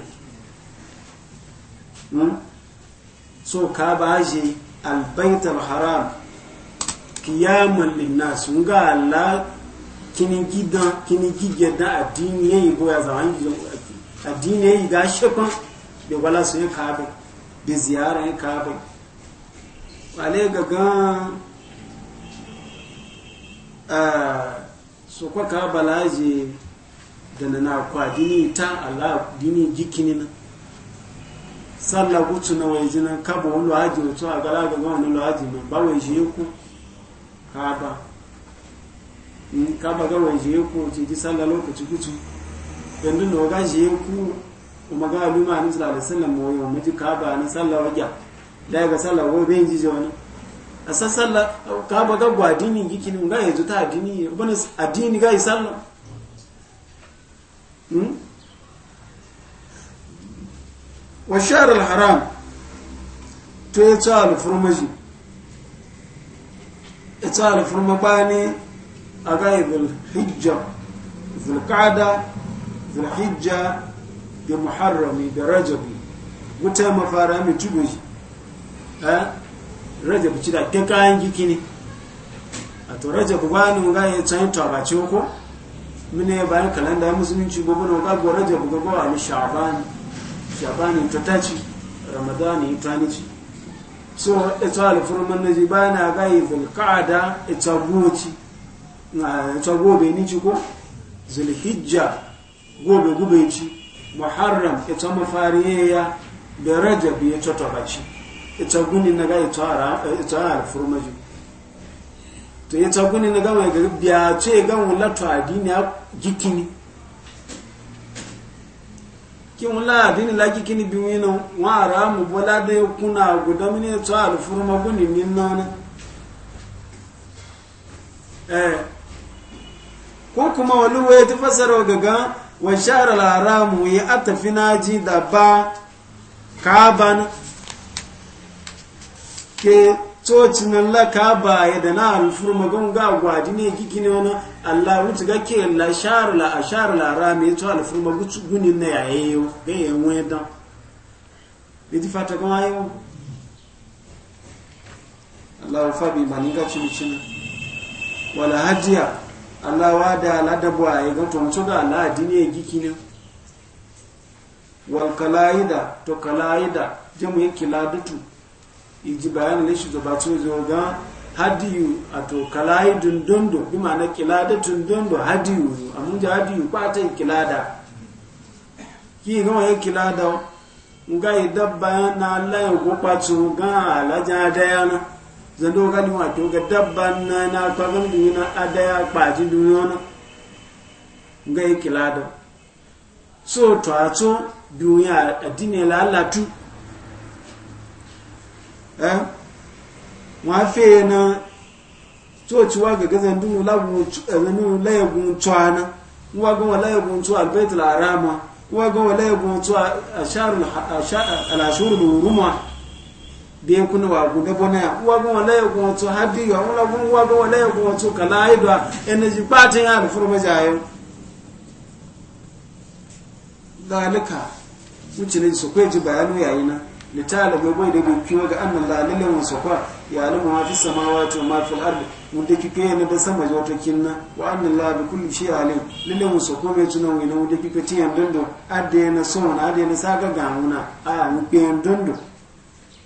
hmm? so ka baje albaitar haram kiyamun linnas nga Allah kini gidan kini gige da addini yayi goya zawangi addini yayi ga shekon da wala su yi kabe bi ziyarar yin kafin wale gagan eh, su kwa kabala je da na nakwa dini ta ala dini gikini na salla gutu na waje na kaba wani lahaji wato a ga gaga wani lahaji na ba waje ya ku kaba hmm, ka ba ga waje ya ku ce ji salla lokaci gutu yanzu na waga je ku kuma ga aluma ni sallallahu alaihi wasallam mo yo muji ka ba ni sallah wajen da ga sallah wo bai ji jona asa sallah ka ba ga gwa dini giki ni ga yanzu ta dini bana addini ga sallah hmm wa shahr al haram to ya ta al furmaji ya ta al furma bani aga ibul hijja zulqa'da zulhijja da muharrami da rajabi wuta mafara mai tubu shi a eh? rajabi ci da ke kayan giki ne a to rajabi ba ni ga ya can to ba ce ko mine bayan kalanda ya musulunci gobe na gago rajabi ga a ni shabani ta ta ci ramadani ta ni ci so ita alfurman na ji bayan a gayi zulqa'ada ita goci na ita gobe ni ci ko zulhijja gobe gobe ci muharram ita mafariya da rajab ya tota baci ita guni na ga ita harfur maju to ita guni na ga mai ga biya ce ga wula to adini ya gikini ki wula adini la gikini bi wina wa aramu bola da kuna guda mini to harfur maguni min nana eh, ko kuma wani waye ta fasara gaga wa shahar haramu ya atafi naji da ba kaban ke tocinan la kaba ya da na alfur magan ga gwaji ne kiki ne wani allah wuce ga ke la shahar la a shahar la haramu ya to alfur magan gunin na yayayo ga yawon yadda iti yau wa da ladabuwa ya ganto mutu ga ala adini ya giki ne wal kalaida to kalaida jamu ya kiladutu iji bayan lishi to batu zo ga hadiyu ato kalaidun dondo bi ma'ana kiladatun dondo hadiyu amun ja hadiyu ba ta kila da ki ga ya kilada ngai dabba na la ya go patu ga ala ja dayana zando ga ni wa to ga dabban na na ta ga ni na adaya kpaji duniya na ga ikilada so to a ato duniya adine la latu eh wa fe na to ci wa ga gazan dunu lagu zanu e, layagun twana wa ga wa layagun twa albaitul arama wa ga wa layagun twa asharul ashar al ashurul huruma bí kuna wa gu dabo na wa gun wala ya gun to hadi ya wala gun wa gun wala ya gun to kala idwa energy party ya laalika furma jayo dalika mutune su kwe ji bayanu yayi na litala ga bai da bi kiwa ga annan lalalle mun su kwa ya alimu ma fi samawati wa ma fil ard mun da kike ne da sama jo to kinna wa annan la bi kulli shay alim lalle mun su ko me tunan wani mun da kike tiyan dondo adde na so na adde na saga ga muna a mu kiyan dondo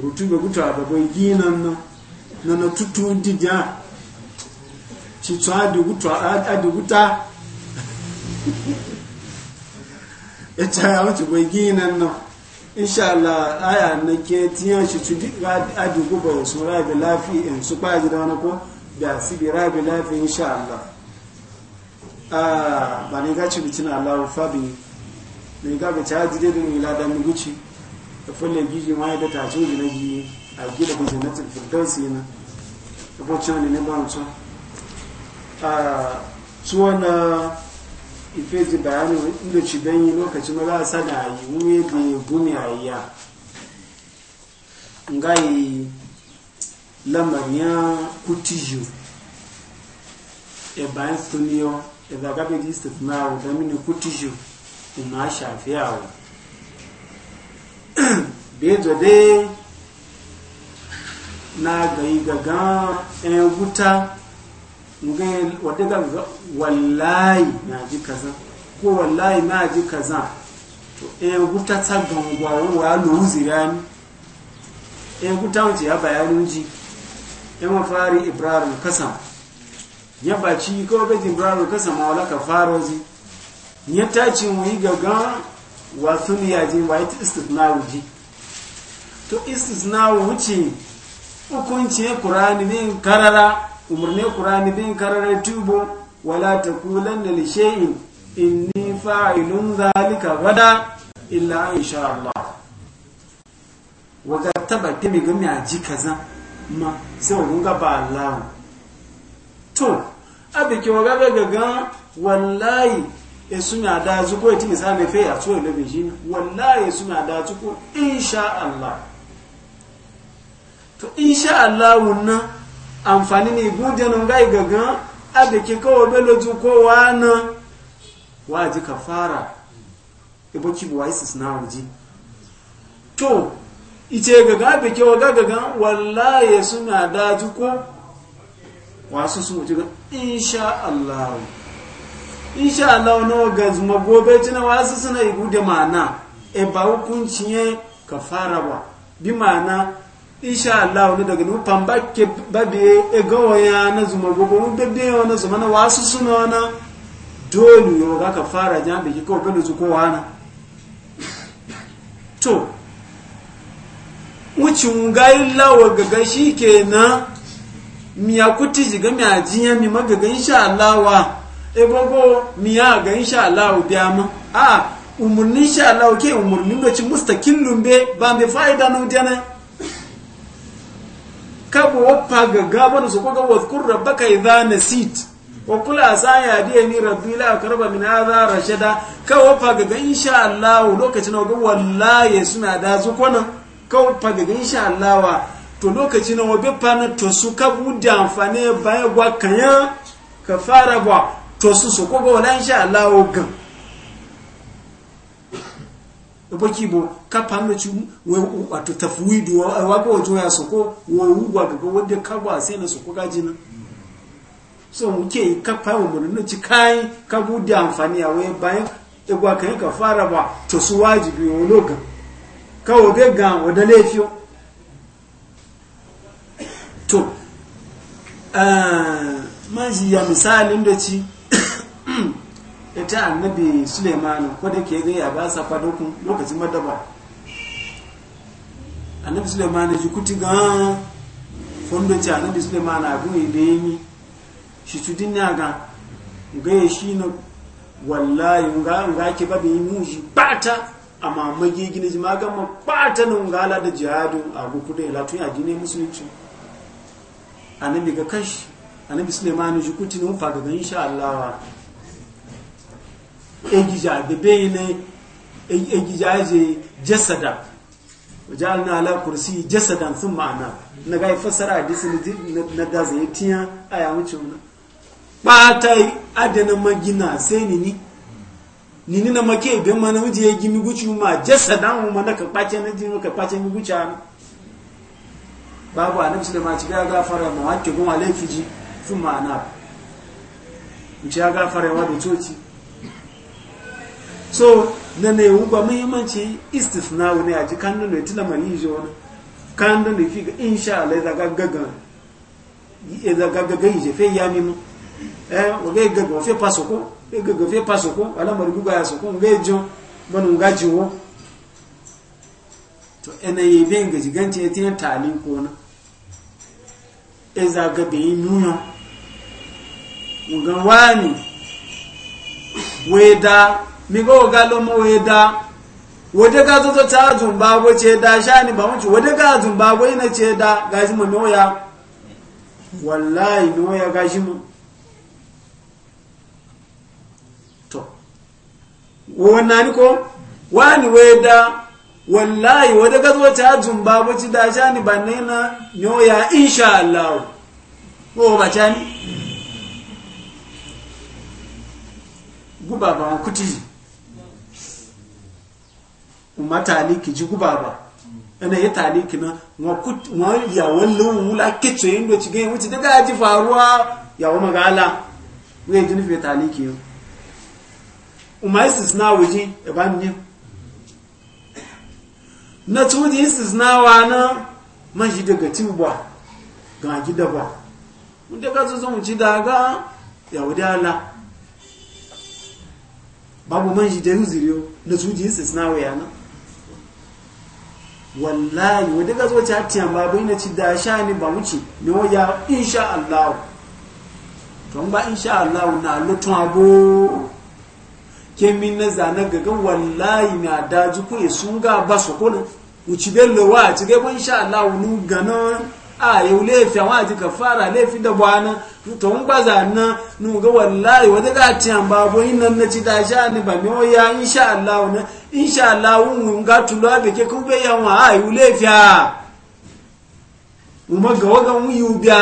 rutu be gutu ababai ginan nan na na na tutu didya ci tu adigutu adiguta ya ta ya wuce bai ginan nan insha Allah aya na ke tiyan shi tu adigu ba su rabi lafi in su ah, kwaji da wani ko da su bi rabi lafi insha Allah a ba ne ga ci bitin Allah fabi ne ga ga ta jide da mu ila da mu guci da fulle giji ma da tace ji na ji a gida da jannatul firdausi na da ko cewa ne ba mu a suwa na ifeji bayani inda ci danyi lokacin ma za a sada yi wuye da gumi a iya ngai lamanya kutijo e bayan suniyo e zagabe di istisnawo da mini kutijo ina shafi yawo [coughs] Bejo dai na gayi gaga yan wuta wadda ga wallahi na ji kaza ko wallahi na ji kaza to yan wuta ta gangwaron wa lo ni yan wuta wuce ya bayanin ji yan mafari ibrahim kasa ya baci kawai bejin ibrahim kasa wala ka faro zi ya tace mu yi gaga wa suniya ji wa ita istisnawu ji to istisnawu wuce hukunci kurani bin karara umarni kurani bin karara tubo wala takulanna li in inni fa'ilun zalika wada illa sha Allah waga taba kimi gami a ji kaza ma sai wa runga ba Allah to abike waga ga gaga wallahi esu ya da zu ko ti misali fe ya tso lebe shi wallahi esu ya da zu ko insha Allah to insha Allah wunna amfani ni gudde nun gai gagan abike ko be loju wa wana waji kafara ibo ki bo isis na wuji to ice gaga abike wa gaga wallahi esu ya da zu ko wasu su wuji insha Allah insha Allah wani ga zuma gobe tuna wasu suna igu da ma'ana e ba hukunci ne ka fara ba bi ma'ana insha Allah wani daga nufan Pamba ke babe e gawaya na zuma gobe wani bebe wani zuma na wasu suna wani dole yau ga ka fara jan da ke kawai gani zuko kowa na to wucin gayin lawa gaga shi kenan miya kuti jiga miya jiya mi magaga insha Allah wa ko miya ga insha Allah biya mu a umurni insha Allah ke umurni do ci mustaqillun lumbe ba mai faida no dana kabu wappa ga gaban su koga wadhkur rabbaka idha nasit wa kul asaya diya ni rabbi la karba min hadha rashada ka wappa ga insha Allah lokacin ga wallahi suna da su kona ka wappa ga insha Allah to lokacin wa be fana to su bu da amfane baya gwa kanya fara ba tosu soko su kogo wala insha Allah ogan kapa kibo kapando chu we wato tafwidu ya soko wo ugwa gaga wode kabwa na soko gajina so muke kapa mu mun ci kai ka amfani a we bayan egwa kan ka fara ba tosu su wajibi wo logan ka oge gan to ya ita annabi suleiman ko da ke gaya ba sa fado kun lokacin madaba annabi suleiman ji kuti ga fondo ci annabi suleiman a ne da yi shi tudin na ga gaya shi na wallahi ga ga ke ba bi mu shi bata amma magigi gina ji ga ma bata nan gala da jihadu a guku da latun ya dine musulunci annabi ga kashi annabi suleiman ji kuti ne fa ga insha Allah egija bebe ne egija je jasada wajalna ala kursi jasadan sun ma'ana na ga fassara hadisi na da zai tiya aya wuce wannan ba ta adana magina sai ni ni nini na make ibe mana miji yi gimi guci ma jasa dan mu na ka kwace na jini ka kwace mi guci an babu annabi da ma ci ga gafara ma hakki goma laifi ji sun ma'ana mu ci ga gafara wa da coci so na ne wuba muhimmanci istisna wani a ji kandun da tila mari yi wani kandun da fi ga insha Allah ya gaggaga ya gaggaga yi jefe ya mimu eh o ga gaggaga fe paso ko ga gaggaga fe paso ko ala mari guga ya so ko ga jo manu ga wo to ene yi ben ga jigance ya tin talin ko na e za be nuno mu ga wani weda migo ga lomo weda wode ga zoto ta zumba go ce da shani ba mutu wode ga zumba go ina ce da gashi mu noya wallahi noya gashi mu to wannan ko wani weda wallahi wode ga zoto ta zumba go ci da shani ba ne na noya insha Allah ko ba chani guba ba kuti kuma taliki ji guba ba ana ya ki na wa yawon lewun wula kitso yin doci gani wuce daga ji faruwa yawon magala wani ji nufi taliki yau umar na waje iban yi na isis na wa na man shi daga tiwuwa ga gida ba wanda ka zo zan wuce daga yawon dala babu man shi da yuziriyo na tuji istisna wa yana wallahi wadda ga zuwa ta tiyan ba bai na ci da sha ni ba wuce ni ya, insha Allah to ba insha Allah na lutun abu ke min na zana gaga wallahi na daji ku sun ga ba su kuna uci bello wa ci ga insha Allah nu gana a yau lefi wa ji ka fara lefi da bwana to mun ba zana nu ga wallahi wadda ga tiyan ba bai na ci da sha ni ba ni ya, insha Allah na insha Allah wun ga tulu abe ke ku ya yan wa ayu le fia mu ma ga waga mu yu bia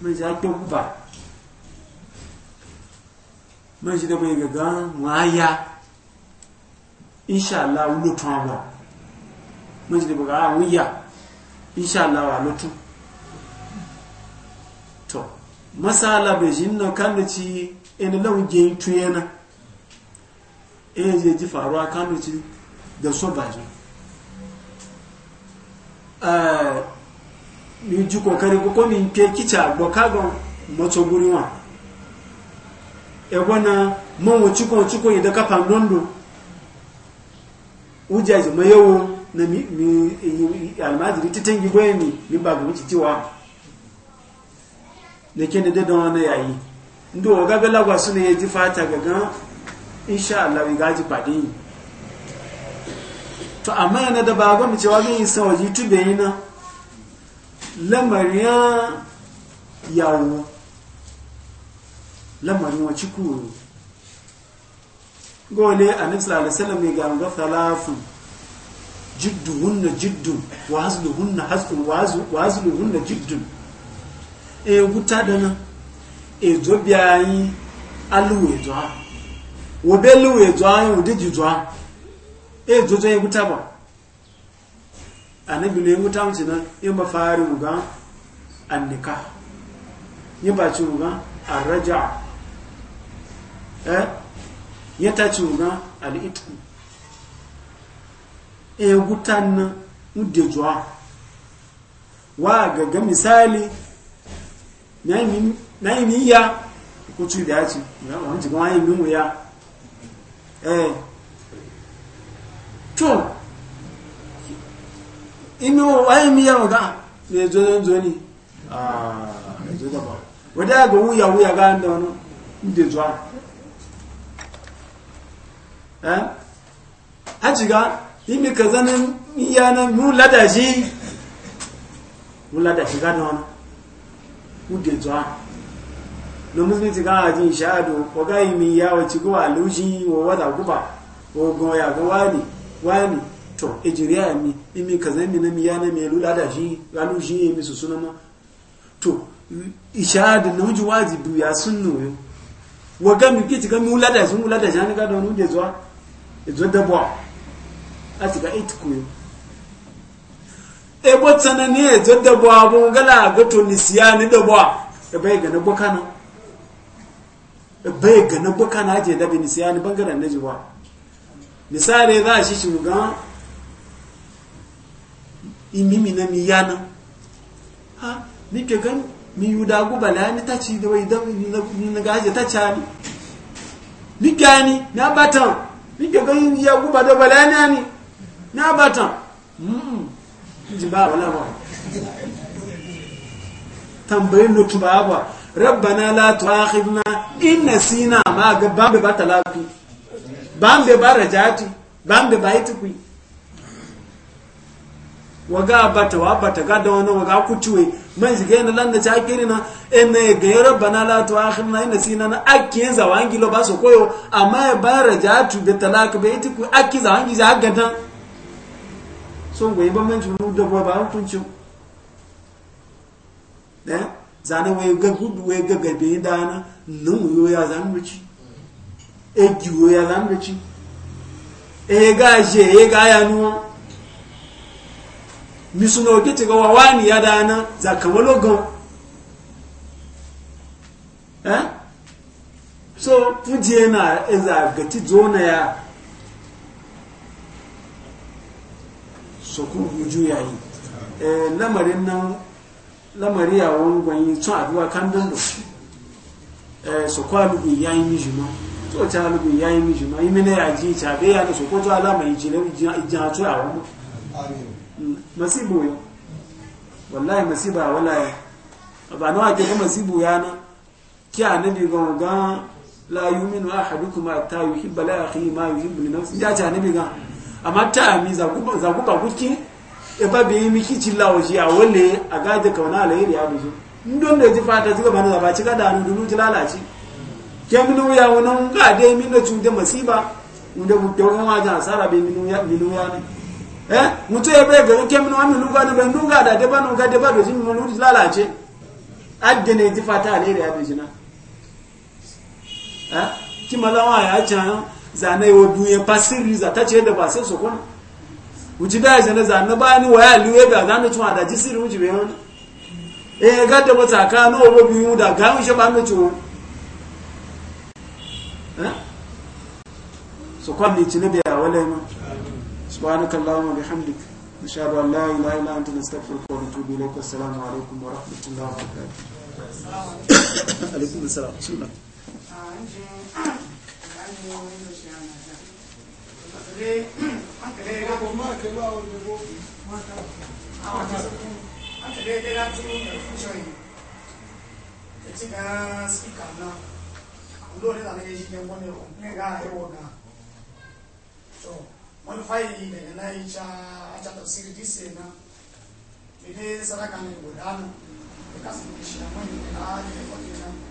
mun ja to ba mun ji da bai ga ga wa ya insha Allah wun to wa mun ji da ga wa ya insha Allah wa lutu to masala be jinno kan ci en lawu je tuyena ihe je ji faruwa kan ci da so ba ji ni ji kokari ko min ke kicha gbo kagon moto guriwa e bona mo wo chiko chiko yi da ka pandondo ujaji mayewo na mi mi almajiri titin gweni mi ba da don na yayi ndo ga ga ji gaga insha Allah wi gaji pàdé to amma yana da ba gwamnati cewa bin isa waje tube yi na lamarin yawo lamarin wa cikuru gole a nufisar alisalam ne ga ga falafin jiddu hunna jiddu wa haslu hunna haslu wa haslu hunna jiddu e wuta da na, e zo wobelu ezo anyi wudiji zwa ezo zo E gutaba anabi ne muta mu cina in ba fari uga annika ni ba ci uga arraja eh ya ta ci uga al'itku e gutan mudde zwa wa gaga misali na yi ya kucu da ya ci wani jikin wani ya Tun, imi waye mi yawo ga ne zo zo ni ah zo da ba wada ga wuya wuya ga anda wono inde zo eh aji ga imi kazanin iyana mu ladaji mu ladaji ga wono inde zo no musulunci kan ajin shahadu waga mi ya wace guba lushi wa wata guba wa goya ko wani wani to ejiriya mi imi e kaza e mi na mi ya na mi lula da shi ga lushi ya e mi su suna ma to shahadu na wuji wajibu ya sun nuyo waga mi kici ga mi wula da shi wula da shi an ga da wani zuwa zuwa dabuwa a ti ga ita koyo ebo tsanani ya zuwa dabuwa bungala ga to nisiya ni dabuwa ya bai ga na bukana bai ga na buka na je dabi ni ni bangaren na jiwa misali za a shi shugan imimi na mi yana ha ni ke gan mi yuda guba la ni taci da wai da ni na gaje ta cani ni gani na batan ni ke gan ya guba da bala ni na batan mm ji ba wala ba tambayin lutuba ba rabbana la tu'akhidna in nasina ma ga bambe ba talatu bambe ba rajati bambe ba itikui waga bata wa bata ga da wani waga kuciwe man shiga yana lan da ne na ene ga yara bana la to akhirna ina sina na akke za wangi lo ba so koyo amma ya bara jatu be talaka be itiku akki za wangi za gata so goyi ba man ju da ba hukunci ne zane wai ga gudu wai ga gabe dana nun wuyo ya zan ruci e giwo ya zan ruci e ga je e ga ya nuwa misuno gete ga wawani ya dana za kamalo gan eh so fuje na e za gati zona ya sokun ku guju yayi eh lamarin nan lamari àwọn gbanyin tún àdúwà kándùn lò sọkọ alùgbò ìyá yìí ya yi tí alùgbò ìyá yìí jùmọ́ ìmìnira àjí ìtàbí yà ní sọkọ tó alámà ìjìnlẹ̀ ìjìn àtọ́ àwọn masibu yọ wallahi masibu a wallahi ba na wake ga masibu ya ne ki a nabi gan gan la yi minu a yuminu ahadukum ta yuhibba la akhi ma yuhibbu li nafsi ya ta nabi gan amma ta mi za ku ba ku kin ba bi yi miki ci lawo shi a wale a gaji kauna alayiri ya dusu ndon da ji fata ji gaba na ba ci kada an dunu ji lalaci ke minu ya wani ga da yi minu cin da masiba inda mu ke wani wajen asara bai minu ya minu ya ne eh mutu ya bai gari ke minu wa minu ga da bai nuga da daba nuga daba da ji minu ji lalace addane ji fata alayiri ya dusu na eh ki malawa ya can zanai wa duniya pasiri za ta ce da ba sai su uji da shi na zanna ba ni waya liwe da zanna tun da jisiri uji be wani eh ga da mata ka no obo biyu da ga mu she ba mu tun eh so kwam ni tuni biya wala mu subhanakallahumma bihamdika nashhadu an la ilaha illa anta nastaghfiruka wa natubu ilayka assalamu alaikum wa rahmatullahi wa barakatuh alaikum assalam sunna aka daidai ya na ne to wani fayi ne da kasance shi na mani da na hajji